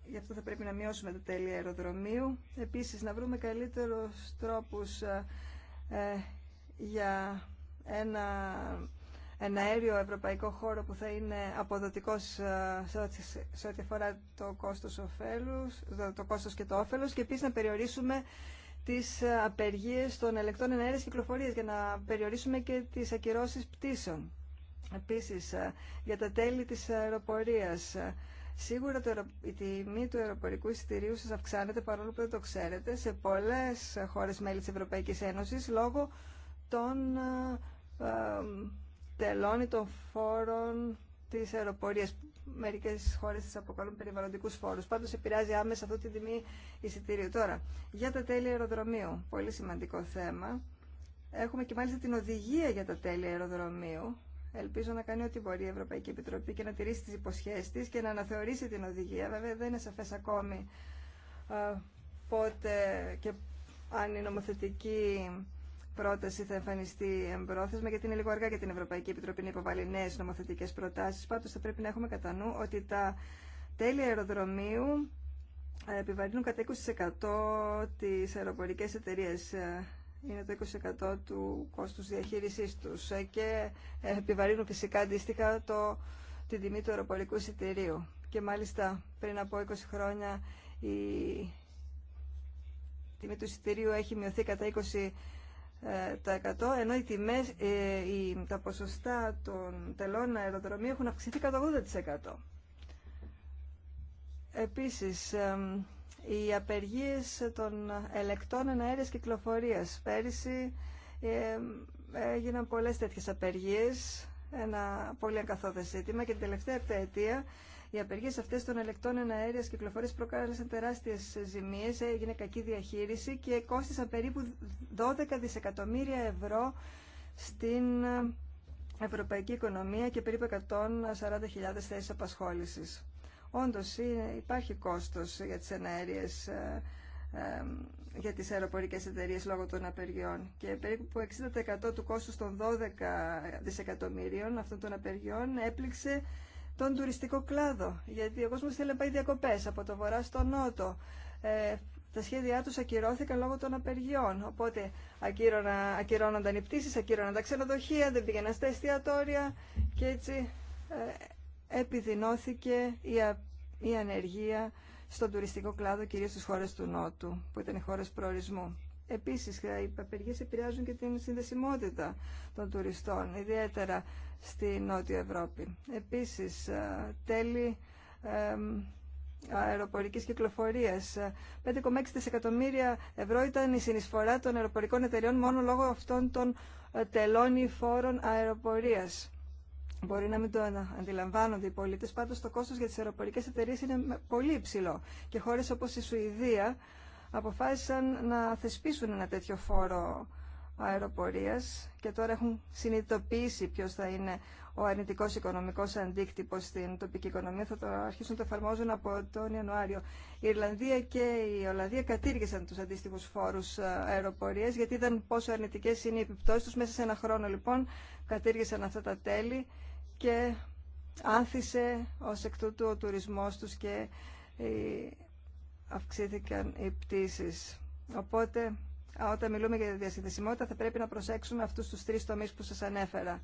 γι' αυτό θα πρέπει να μειώσουμε τα τέλη αεροδρομίου. Επίσης, να βρούμε καλύτερους τρόπους ε, ε, για ένα, ένα αέριο ευρωπαϊκό χώρο που θα είναι αποδοτικός ε, σε ό,τι αφορά το κόστος, οφέλους το κόστος και το όφελος και επίσης να περιορίσουμε τις απεργίες των ελεκτών ενέργειας κυκλοφορίας για να περιορίσουμε και τις ακυρώσεις πτήσεων. Επίσης, για τα τέλη της αεροπορίας, Σίγουρα το, η τιμή του αεροπορικού εισιτηρίου σας αυξάνεται παρόλο που δεν το ξέρετε σε πολλές χώρες μέλη της Ευρωπαϊκής Ένωσης λόγω των ε, ε, τελών ή των φόρων της αεροπορίας. Μερικές χώρες τις αποκαλούν περιβαλλοντικούς φόρους. Πάντως επηρεάζει άμεσα αυτή τη τιμή εισιτηρίου. Τώρα, για τα τέλη αεροδρομίου, πολύ σημαντικό θέμα. Έχουμε και μάλιστα την οδηγία για τα τέλη αεροδρομίου Ελπίζω να κάνει ό,τι μπορεί η Ευρωπαϊκή Επιτροπή και να τηρήσει τις υποσχέσεις της και να αναθεωρήσει την οδηγία. Βέβαια δεν είναι σαφές ακόμη ε, πότε και αν η νομοθετική πρόταση θα εμφανιστεί εμπρόθεσμα, γιατί είναι λίγο αργά για την Ευρωπαϊκή Επιτροπή να υποβάλει νέε νομοθετικέ προτάσει. Πάντω, θα πρέπει να έχουμε κατά νου ότι τα τέλη αεροδρομίου ε, επιβαρύνουν κατά 20% τι αεροπορικέ εταιρείε ε, είναι το 20% του κόστους διαχείρισής τους ε, και επιβαρύνουν φυσικά αντίστοιχα το, την τιμή του αεροπορικού εισιτηρίου. Και μάλιστα πριν από 20 χρόνια η τιμή του εισιτηρίου έχει μειωθεί κατά 20% ενώ οι τιμές, ε, οι, τα ποσοστά των τελών αεροδρομίου έχουν αυξηθεί κατά 80%. Επίσης, οι απεργίες των ελεκτών εναέρειας κυκλοφορίας. Πέρυσι ε, έγιναν πολλές τέτοιες απεργίες, ένα πολύ ακαθόδες ζήτημα και την τελευταία επταετία οι απεργίες αυτές των ελεκτών εναέρειας κυκλοφορίας προκάλεσαν τεράστιες ζημίες, έγινε κακή διαχείριση και κόστησαν περίπου 12 δισεκατομμύρια ευρώ στην ευρωπαϊκή οικονομία και περίπου 140.000 θέσεις απασχόλησης. Όντως υπάρχει κόστος για τις εναέριες, ε, ε, για τις αεροπορικές εταιρείες λόγω των απεργιών και περίπου 60% του κόστους των 12 δισεκατομμύριων αυτών των απεργιών έπληξε τον τουριστικό κλάδο γιατί ο κόσμος θέλει να πάει διακοπές από το βορρά στο νότο ε, τα σχέδιά τους ακυρώθηκαν λόγω των απεργιών. Οπότε ακύρωνα, ακυρώνονταν οι πτήσεις, ακυρώνονταν τα ξενοδοχεία, δεν πήγαιναν στα εστιατόρια και έτσι επιδεινώθηκε η ανεργία στον τουριστικό κλάδο, κυρίως στις χώρες του Νότου, που ήταν οι χώρες προορισμού. Επίσης, οι απεργίες επηρεάζουν και την συνδεσιμότητα των τουριστών, ιδιαίτερα στη Νότια Ευρώπη. Επίσης, τέλη αεροπορικής κυκλοφορίας. 5,6 δισεκατομμύρια ευρώ ήταν η συνεισφορά των αεροπορικών εταιριών μόνο λόγω αυτών των ε, τελών ή φόρων αεροπορίας. Μπορεί να μην το αντιλαμβάνονται οι πολίτε, πάντω το κόστο για τι αεροπορικέ εταιρείε είναι πολύ υψηλό. Και χώρε όπω η Σουηδία αποφάσισαν να θεσπίσουν ένα τέτοιο φόρο αεροπορία και τώρα έχουν συνειδητοποιήσει ποιο θα είναι ο αρνητικό οικονομικό αντίκτυπο στην τοπική οικονομία. Θα το αρχίσουν να το εφαρμόζουν από τον Ιανουάριο. Η Ιρλανδία και η Ολλανδία κατήργησαν του αντίστοιχου φόρου ε, αεροπορία γιατί είδαν πόσο αρνητικέ είναι οι επιπτώσει του. Μέσα σε ένα χρόνο λοιπόν κατήργησαν αυτά τα τέλη και άνθισε ως εκ τούτου ο τουρισμός τους και αυξήθηκαν οι πτήσεις. Οπότε, όταν μιλούμε για τη διασυνδεσιμότητα, θα πρέπει να προσέξουμε αυτούς τους τρεις τομείς που σας ανέφερα.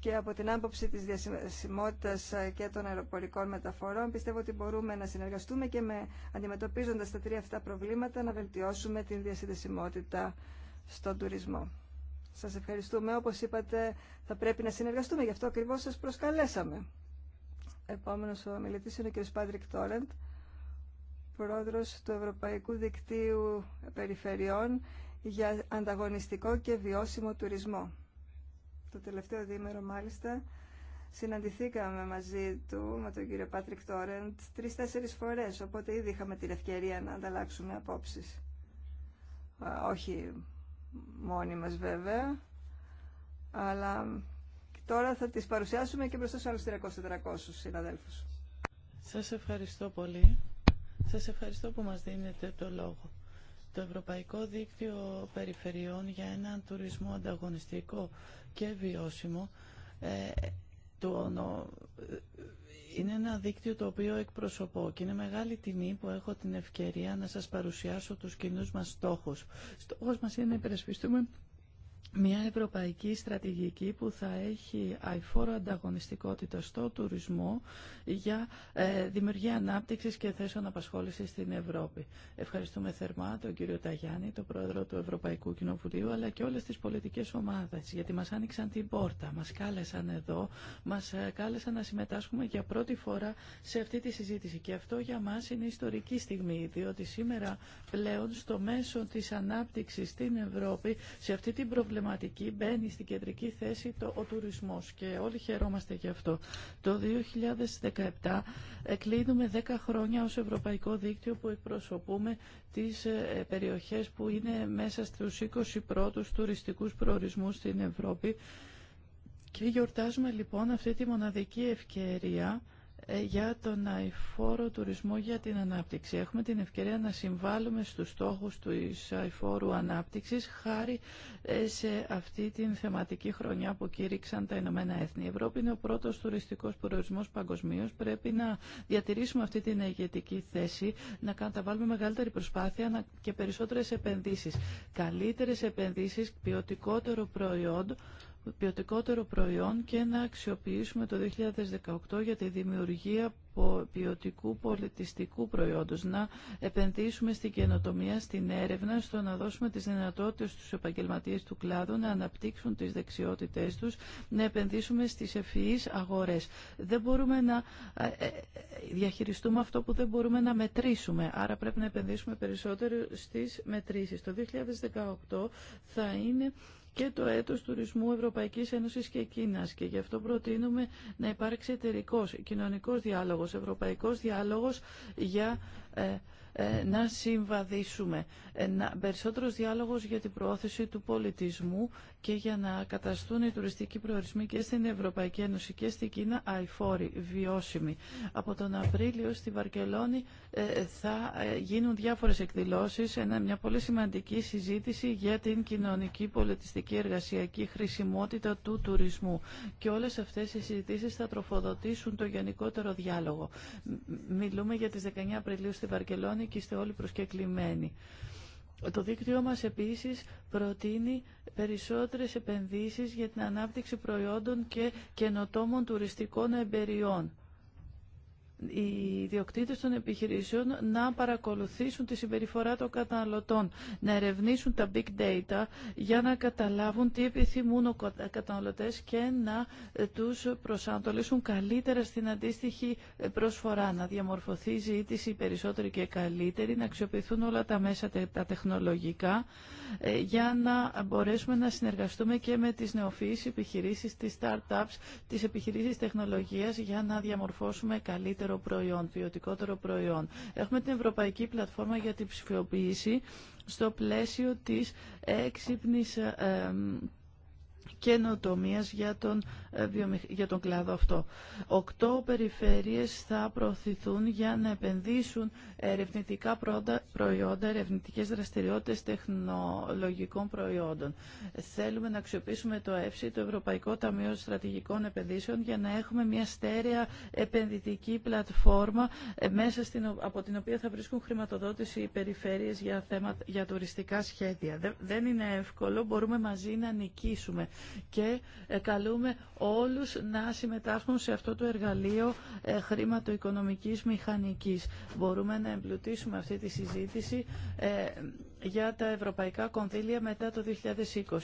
Και από την άποψη της διασυνδεσιμότητας ε, και των αεροπορικών μεταφορών, πιστεύω ότι μπορούμε να συνεργαστούμε και με, αντιμετωπίζοντας τα τρία αυτά προβλήματα, να βελτιώσουμε την διασυνδεσιμότητα στον τουρισμό. Σας ευχαριστούμε. Όπως είπατε, θα πρέπει να συνεργαστούμε. Γι' αυτό ακριβώς σας προσκαλέσαμε. Επόμενος ο μιλητής είναι ο κ. Πάτρικ Τόρεντ, πρόεδρος του Ευρωπαϊκού Δικτύου Περιφερειών για ανταγωνιστικό και βιώσιμο τουρισμό. Το τελευταίο διήμερο, μάλιστα, συναντηθήκαμε μαζί του, με τον κύριο Πάτρικ Τόρεντ τρει-τέσσερι φορές, οπότε ήδη είχαμε την ευκαιρία να ανταλλάξουμε απόψεις. Όχι μόνοι μας βέβαια, αλλά τώρα θα τις παρουσιάσουμε και μπροστά στους άλλους 300-400 συναδέλφους. Σας ευχαριστώ πολύ. Σας ευχαριστώ που μας δίνετε το λόγο. Το Ευρωπαϊκό Δίκτυο Περιφερειών για έναν τουρισμό ανταγωνιστικό και βιώσιμο ε, το, είναι ένα δίκτυο το οποίο εκπροσωπώ και είναι μεγάλη τιμή που έχω την ευκαιρία να σας παρουσιάσω τους κοινούς μας στόχους. Στόχος μας είναι να υπερασπιστούμε μια ευρωπαϊκή στρατηγική που θα έχει αηφόρο ανταγωνιστικότητα στο τουρισμό για ε, δημιουργία ανάπτυξης και θέσεων απασχόλησης στην Ευρώπη. Ευχαριστούμε θερμά τον κύριο Ταγιάννη, τον πρόεδρο του Ευρωπαϊκού Κοινοβουλίου, αλλά και όλες τις πολιτικές ομάδες, γιατί μας άνοιξαν την πόρτα, μας κάλεσαν εδώ, μας ε, κάλεσαν να συμμετάσχουμε για πρώτη φορά σε αυτή τη συζήτηση. Και αυτό για μας είναι ιστορική στιγμή, διότι σήμερα πλέον στο μέσο της ανάπτυξης στην Ευρώπη, σε αυτή την προβληματική θεματική μπαίνει στην κεντρική θέση το, ο τουρισμός και όλοι χαιρόμαστε γι' αυτό. Το 2017 κλείνουμε 10 χρόνια ως Ευρωπαϊκό Δίκτυο που εκπροσωπούμε τις ε, περιοχές που είναι μέσα στους 20 πρώτους τουριστικούς προορισμούς στην Ευρώπη και γιορτάζουμε λοιπόν αυτή τη μοναδική ευκαιρία ε, για τον αηφόρο τουρισμό για την ανάπτυξη. Έχουμε την ευκαιρία να συμβάλλουμε στους στόχους του αηφόρου ανάπτυξης χάρη ε, σε αυτή την θεματική χρονιά που κήρυξαν τα Ηνωμένα Έθνη. Η Ευρώπη είναι ο πρώτος τουριστικός προορισμός παγκοσμίω. Πρέπει να διατηρήσουμε αυτή την ηγετική θέση, να καταβάλουμε μεγαλύτερη προσπάθεια και περισσότερες επενδύσεις. Καλύτερες επενδύσεις, ποιοτικότερο προϊόν, ποιοτικότερο προϊόν και να αξιοποιήσουμε το 2018 για τη δημιουργία ποιοτικού πολιτιστικού προϊόντος, να επενδύσουμε στην καινοτομία, στην έρευνα, στο να δώσουμε τις δυνατότητες στους επαγγελματίες του κλάδου να αναπτύξουν τις δεξιότητές τους, να επενδύσουμε στις ευφυείς αγορές. Δεν μπορούμε να ε, ε, διαχειριστούμε αυτό που δεν μπορούμε να μετρήσουμε, άρα πρέπει να επενδύσουμε περισσότερο στις μετρήσεις. Το 2018 θα είναι και το έτος τουρισμού Ευρωπαϊκής Ένωσης και Κίνας και γι' αυτό προτείνουμε να υπάρξει εταιρικός, κοινωνικός διάλογος, ευρωπαϊκός διάλογος για ε, ε, να συμβαδίσουμε. Ε, περισσότερος διάλογος για την προώθηση του πολιτισμού και για να καταστούν οι τουριστικοί προορισμοί και στην Ευρωπαϊκή Ένωση και στην Κίνα αηφόροι, βιώσιμοι. Από τον Απρίλιο στη Βαρκελόνη ε, θα γίνουν διάφορες εκδηλώσεις, μια πολύ σημαντική συζήτηση για την κοινωνική πολιτιστική εργασιακή χρησιμότητα του τουρισμού. Και όλες αυτές οι συζητήσεις θα τροφοδοτήσουν το γενικότερο διάλογο. Μιλούμε για τις 19 Απριλίου στη Βαρκελόνη και είστε όλοι προσκεκλημένοι. Το δίκτυό μας επίσης προτείνει περισσότερες επενδύσεις για την ανάπτυξη προϊόντων και καινοτόμων τουριστικών εμπεριών οι ιδιοκτήτες των επιχειρήσεων να παρακολουθήσουν τη συμπεριφορά των καταναλωτών, να ερευνήσουν τα big data για να καταλάβουν τι επιθυμούν οι καταναλωτές και να ε, τους προσανατολίσουν καλύτερα στην αντίστοιχη ε, προσφορά, να διαμορφωθεί η ζήτηση περισσότερη και καλύτερη, να αξιοποιηθούν όλα τα μέσα τα τεχνολογικά ε, για να μπορέσουμε να συνεργαστούμε και με τις νεοφυείς επιχειρήσεις, τις startups, τις επιχειρήσεις τεχνολογίας για να διαμορφώσουμε καλύτερο προϊόν, ποιοτικότερο προϊόν. Έχουμε την Ευρωπαϊκή Πλατφόρμα για την ψηφιοποίηση στο πλαίσιο της έξυπνης ε, καινοτομία για τον, ε, για τον κλάδο αυτό. Οκτώ περιφέρειες θα προωθηθούν για να επενδύσουν ερευνητικά προϊόντα, ερευνητικές δραστηριότητες τεχνολογικών προϊόντων. Θέλουμε να αξιοποιήσουμε το ΕΦΣΥ, το Ευρωπαϊκό Ταμείο Στρατηγικών Επενδύσεων, για να έχουμε μια στέρεα επενδυτική πλατφόρμα ε, μέσα στην, από την οποία θα βρίσκουν χρηματοδότηση οι περιφέρειες για, θέματα, για τουριστικά σχέδια. Δεν είναι εύκολο, μπορούμε μαζί να νικήσουμε και ε, καλούμε όλους να συμμετάσχουν σε αυτό το εργαλείο ε, χρηματοοικονομικής μηχανικής. Μπορούμε να εμπλουτίσουμε αυτή τη συζήτηση ε, για τα ευρωπαϊκά κονδύλια μετά το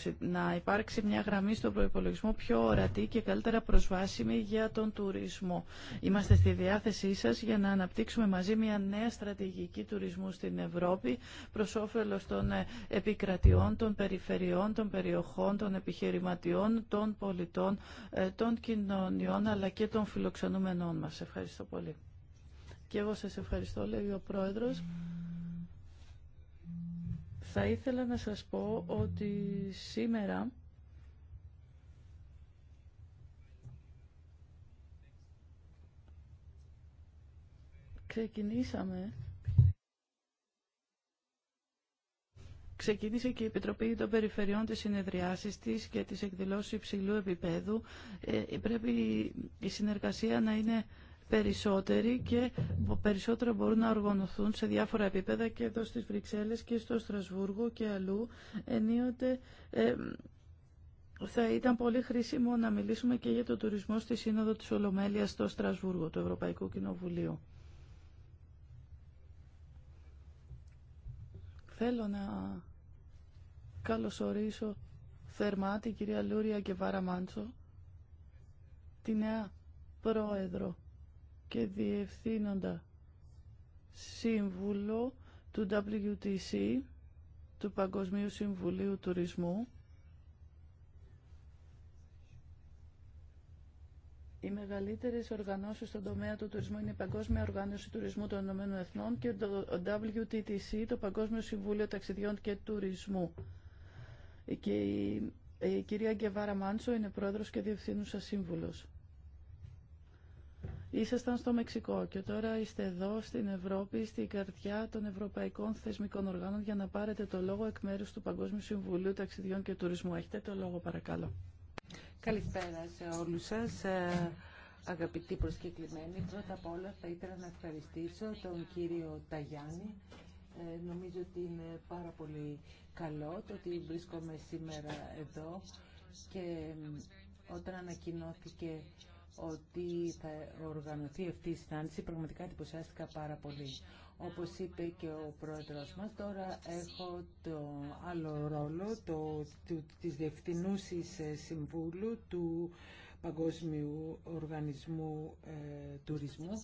2020. Να υπάρξει μια γραμμή στον προϋπολογισμό πιο ορατή και καλύτερα προσβάσιμη για τον τουρισμό. Είμαστε στη διάθεσή σας για να αναπτύξουμε μαζί μια νέα στρατηγική τουρισμού στην Ευρώπη προ όφελο των ε, επικρατιών, των περιφερειών, των περιοχών, των επιχειρηματιών, των πολιτών, ε, των κοινωνιών αλλά και των φιλοξενούμενών μα. Ευχαριστώ πολύ. Και εγώ σας ευχαριστώ, λέει ο Πρόεδρος. Θα ήθελα να σας πω ότι σήμερα ξεκινήσαμε Ξεκίνησε και η Επιτροπή των Περιφερειών τις συνεδριάσεις της και της εκδηλώσεις υψηλού επίπεδου. Ε, πρέπει η συνεργασία να είναι περισσότεροι και περισσότερο μπορούν να οργανωθούν σε διάφορα επίπεδα και εδώ στις Βρυξέλλες και στο Στρασβούργο και αλλού ενίοτε θα ήταν πολύ χρήσιμο να μιλήσουμε και για το τουρισμό στη Σύνοδο της Ολομέλειας στο Στρασβούργο του Ευρωπαϊκού Κοινοβουλίου. Θέλω να καλωσορίσω θερμά την κυρία Λούρια Κεβάρα Μάντσο, τη νέα πρόεδρο και διευθύνοντα σύμβουλο του WTC, του Παγκοσμίου Συμβουλίου Τουρισμού. Οι μεγαλύτερες οργανώσεις στον τομέα του τουρισμού είναι η Παγκόσμια Οργάνωση Τουρισμού των Ηνωμένων Εθνών και το WTTC, το Παγκόσμιο Συμβούλιο Ταξιδιών και Τουρισμού. Και η, η κυρία Γκεβάρα Μάντσο είναι πρόεδρος και διευθύνουσα σύμβουλος. Ήσασταν στο Μεξικό και τώρα είστε εδώ στην Ευρώπη, στην καρδιά των ευρωπαϊκών θεσμικών οργάνων για να πάρετε το λόγο εκ μέρου του Παγκόσμιου Συμβουλίου Ταξιδιών και Τουρισμού. Έχετε το λόγο παρακαλώ. Καλησπέρα σε όλους σας. Ε, αγαπητοί προσκεκλημένοι, πρώτα απ' όλα θα ήθελα να ευχαριστήσω τον κύριο Ταγιάννη. Ε, νομίζω ότι είναι πάρα πολύ καλό το ότι βρίσκομαι σήμερα εδώ και ε, όταν ανακοινώθηκε ότι θα οργανωθεί αυτή η συνάντηση. Πραγματικά εντυπωσιάστηκα πάρα πολύ. Όπως είπε και ο πρόεδρος μας, τώρα έχω το άλλο ρόλο το, του, της Διευθυνούσης ε, Συμβούλου του Παγκόσμιου Οργανισμού ε, Τουρισμού.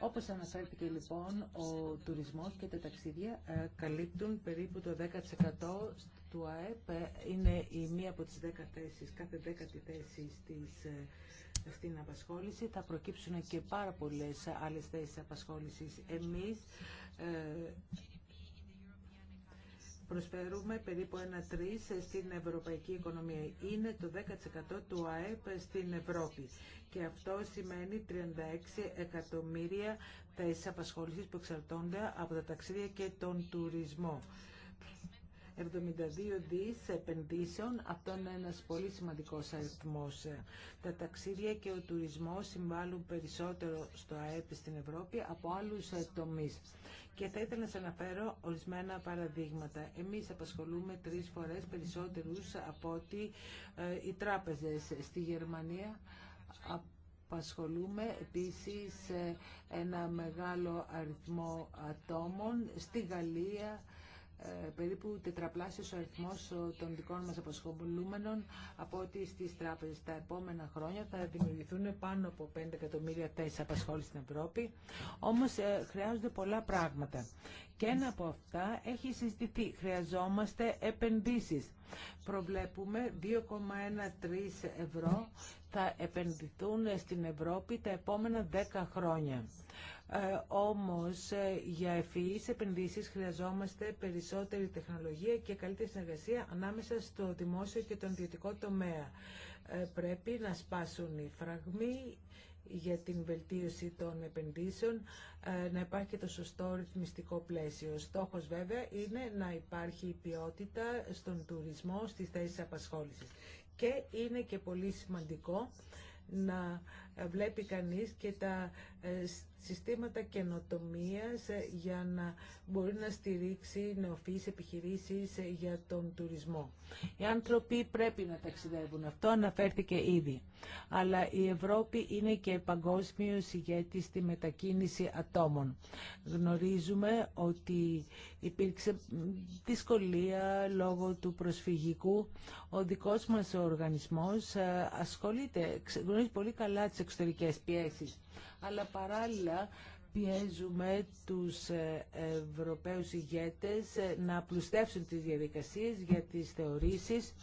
Όπως αναφέρθηκε λοιπόν, ο τουρισμός και τα ταξίδια ε, καλύπτουν περίπου το 10% του ΑΕΠ. Είναι η μία από τις δέκα θέσεις, κάθε δέκατη θέση στις στην την απασχόληση θα προκύψουν και πάρα πολλές άλλες θέσεις απασχόλησης. Εμείς ε, προσφέρουμε περίπου ένα στην ευρωπαϊκή οικονομία. Είναι το 10% του ΑΕΠ στην Ευρώπη. Και αυτό σημαίνει 36 εκατομμύρια θέσεις απασχόλησης που εξαρτώνται από τα ταξίδια και τον τουρισμό. 72 δις επενδύσεων. Αυτό είναι ένας πολύ σημαντικός αριθμός. Τα ταξίδια και ο τουρισμός συμβάλλουν περισσότερο στο ΑΕΠ στην Ευρώπη από άλλους τομείς. Και θα ήθελα να σας αναφέρω ορισμένα παραδείγματα. Εμείς απασχολούμε τρεις φορές περισσότερους από ότι ε, οι τράπεζες στη Γερμανία απασχολούμε επίσης ε, ένα μεγάλο αριθμό ατόμων στη Γαλλία, ε, περίπου τετραπλάσιος ο αριθμός των δικών μας απασχολούμενων από ότι στις τράπεζες τα επόμενα χρόνια θα δημιουργηθούν πάνω από 5 εκατομμύρια θέσεις απασχόληση στην Ευρώπη. Όμως ε, χρειάζονται πολλά πράγματα. Και ένα από αυτά έχει συζητηθεί. Χρειαζόμαστε επενδύσεις. Προβλέπουμε 2,13 ευρώ θα επενδυθούν στην Ευρώπη τα επόμενα 10 χρόνια. Ε, όμως ε, για ευφυείς επενδύσεις χρειαζόμαστε περισσότερη τεχνολογία και καλύτερη συνεργασία ανάμεσα στο δημόσιο και τον ιδιωτικό τομέα. Ε, πρέπει να σπάσουν οι φραγμοί για την βελτίωση των επενδύσεων ε, να υπάρχει και το σωστό ρυθμιστικό πλαίσιο. Ο στόχος βέβαια είναι να υπάρχει ποιότητα στον τουρισμό στις θέσεις απασχόλησης και είναι και πολύ σημαντικό να βλέπει κανείς και τα ε, συστήματα καινοτομίας ε, για να μπορεί να στηρίξει νεοφυείς επιχειρήσεις ε, για τον τουρισμό. Οι άνθρωποι πρέπει να ταξιδεύουν. Αυτό αναφέρθηκε ήδη. Αλλά η Ευρώπη είναι και παγκόσμιο ηγέτη στη μετακίνηση ατόμων. Γνωρίζουμε ότι υπήρξε δυσκολία λόγω του προσφυγικού. Ο δικός μας οργανισμός ασχολείται, γνωρίζει πολύ καλά τις εξωτερικές πιέσεις. Αλλά παράλληλα πιέζουμε τους ε, Ευρωπαίους ηγέτες ε, να πλουστεύσουν τις διαδικασίες για τις θεωρήσεις,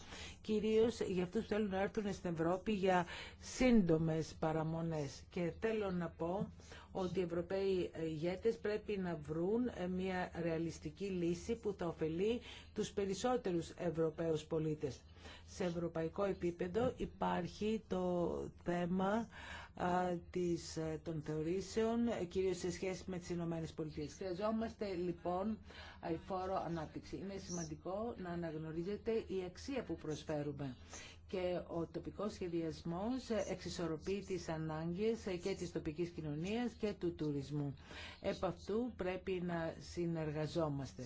κυρίως για αυτούς που θέλουν να έρθουν στην Ευρώπη για σύντομες παραμονές. Και θέλω να πω ότι οι Ευρωπαίοι ηγέτες πρέπει να βρουν ε, μια ρεαλιστική λύση που θα ωφελεί τους περισσότερους Ευρωπαίους πολίτες. Σε ευρωπαϊκό επίπεδο υπάρχει το θέμα της, ε, των θεωρήσεων, ε, κυρίως σε σχέση με τις Ηνωμένες Πολιτείες. Χρειαζόμαστε λοιπόν φόρο ανάπτυξη. Είναι σημαντικό να αναγνωρίζεται η αξία που προσφέρουμε και ο τοπικός σχεδιασμός ε, εξισορροπεί τις ανάγκες και της τοπικής κοινωνίας και του τουρισμού. Επ' αυτού πρέπει να συνεργαζόμαστε.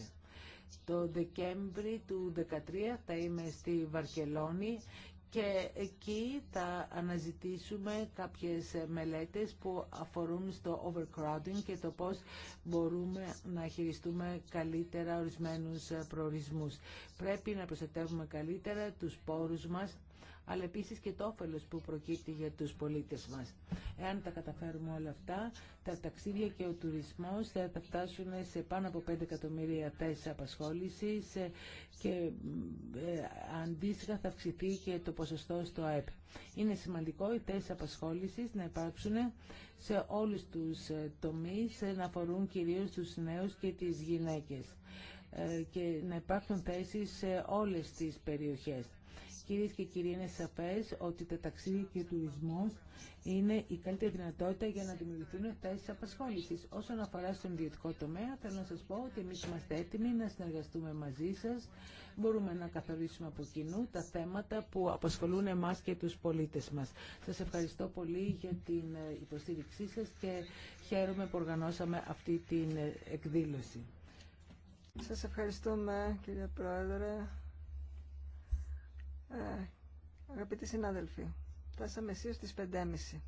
Το Δεκέμβρη του 2013 θα είμαι στη Βαρκελόνη και εκεί θα αναζητήσουμε κάποιες μελέτες που αφορούν στο overcrowding και το πώς μπορούμε να χειριστούμε καλύτερα ορισμένους προορισμούς. Πρέπει να προστατεύουμε καλύτερα τους πόρους μας αλλά επίση και το όφελο που προκύπτει για τους πολίτες μας. Εάν τα καταφέρουμε όλα αυτά, τα ταξίδια και ο τουρισμός θα φτάσουν σε πάνω από 5 εκατομμύρια θέσει απασχόληση, ε, και ε, αντίστοιχα θα αυξηθεί και το ποσοστό στο ΑΕΠ. Είναι σημαντικό οι θέσει απασχόλησης να υπάρξουν σε όλους τους ε, τομείς, να αφορούν κυρίως τους νέους και τις γυναίκες και να υπάρχουν θέσεις σε όλες τις περιοχές. Κυρίες και κύριοι, είναι σαφές ότι τα ταξίδια και ο τουρισμός είναι η καλύτερη δυνατότητα για να δημιουργηθούν θέσει απασχόληση. Όσον αφορά στον ιδιωτικό τομέα, θέλω να σα πω ότι εμεί είμαστε έτοιμοι να συνεργαστούμε μαζί σα. Μπορούμε να καθορίσουμε από κοινού τα θέματα που απασχολούν εμά και του πολίτε μα. Σα ευχαριστώ πολύ για την ε, υποστήριξή σα και χαίρομαι που οργανώσαμε αυτή την ε, εκδήλωση. Σας ευχαριστούμε κύριε Πρόεδρε. Ε, αγαπητοί συνάδελφοι, φτάσαμε εσείς στις 5.30.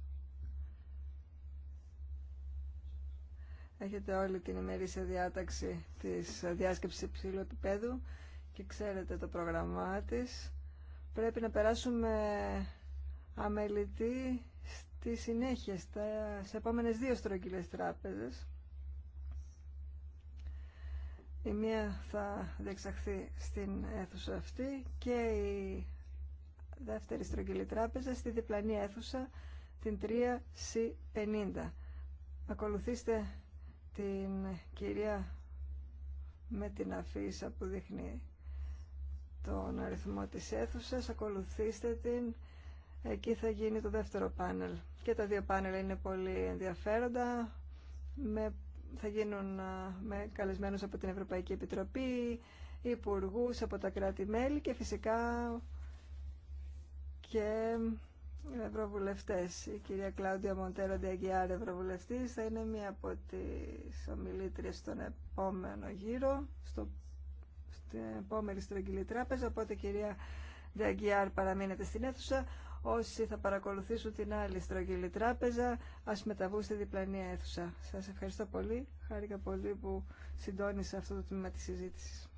Έχετε όλη την ημερήσια διάταξη της διάσκεψης υψηλού επίπεδου και ξέρετε το πρόγραμμά της. Πρέπει να περάσουμε αμελητή στη συνέχεια, στα, σε επόμενες δύο στρογγυλές τράπεζες. Η μία θα διεξαχθεί στην αίθουσα αυτή και η δεύτερη στρογγυλή τράπεζα στη διπλανή αίθουσα την 3C50. Ακολουθήστε την κυρία με την αφίσα που δείχνει τον αριθμό της αίθουσα. Ακολουθήστε την. Εκεί θα γίνει το δεύτερο πάνελ. Και τα δύο πάνελ είναι πολύ ενδιαφέροντα. Με, θα γίνουν με καλεσμένους από την Ευρωπαϊκή Επιτροπή, υπουργού από τα κράτη-μέλη και φυσικά και ευρωβουλευτές. Η κυρία Κλάουντια Μοντέρο Ντιαγκιάρ, ευρωβουλευτής, θα είναι μία από τις ομιλήτριες στον επόμενο γύρο, στο, στην επόμενη στρογγυλή τράπεζα, οπότε κυρία Ντιαγκιάρ παραμείνετε στην αίθουσα. Όσοι θα παρακολουθήσουν την άλλη στρογγυλή τράπεζα, ας μεταβούν στη διπλανή αίθουσα. Σας ευχαριστώ πολύ. Χάρηκα πολύ που συντώνησα αυτό το τμήμα της συζήτησης.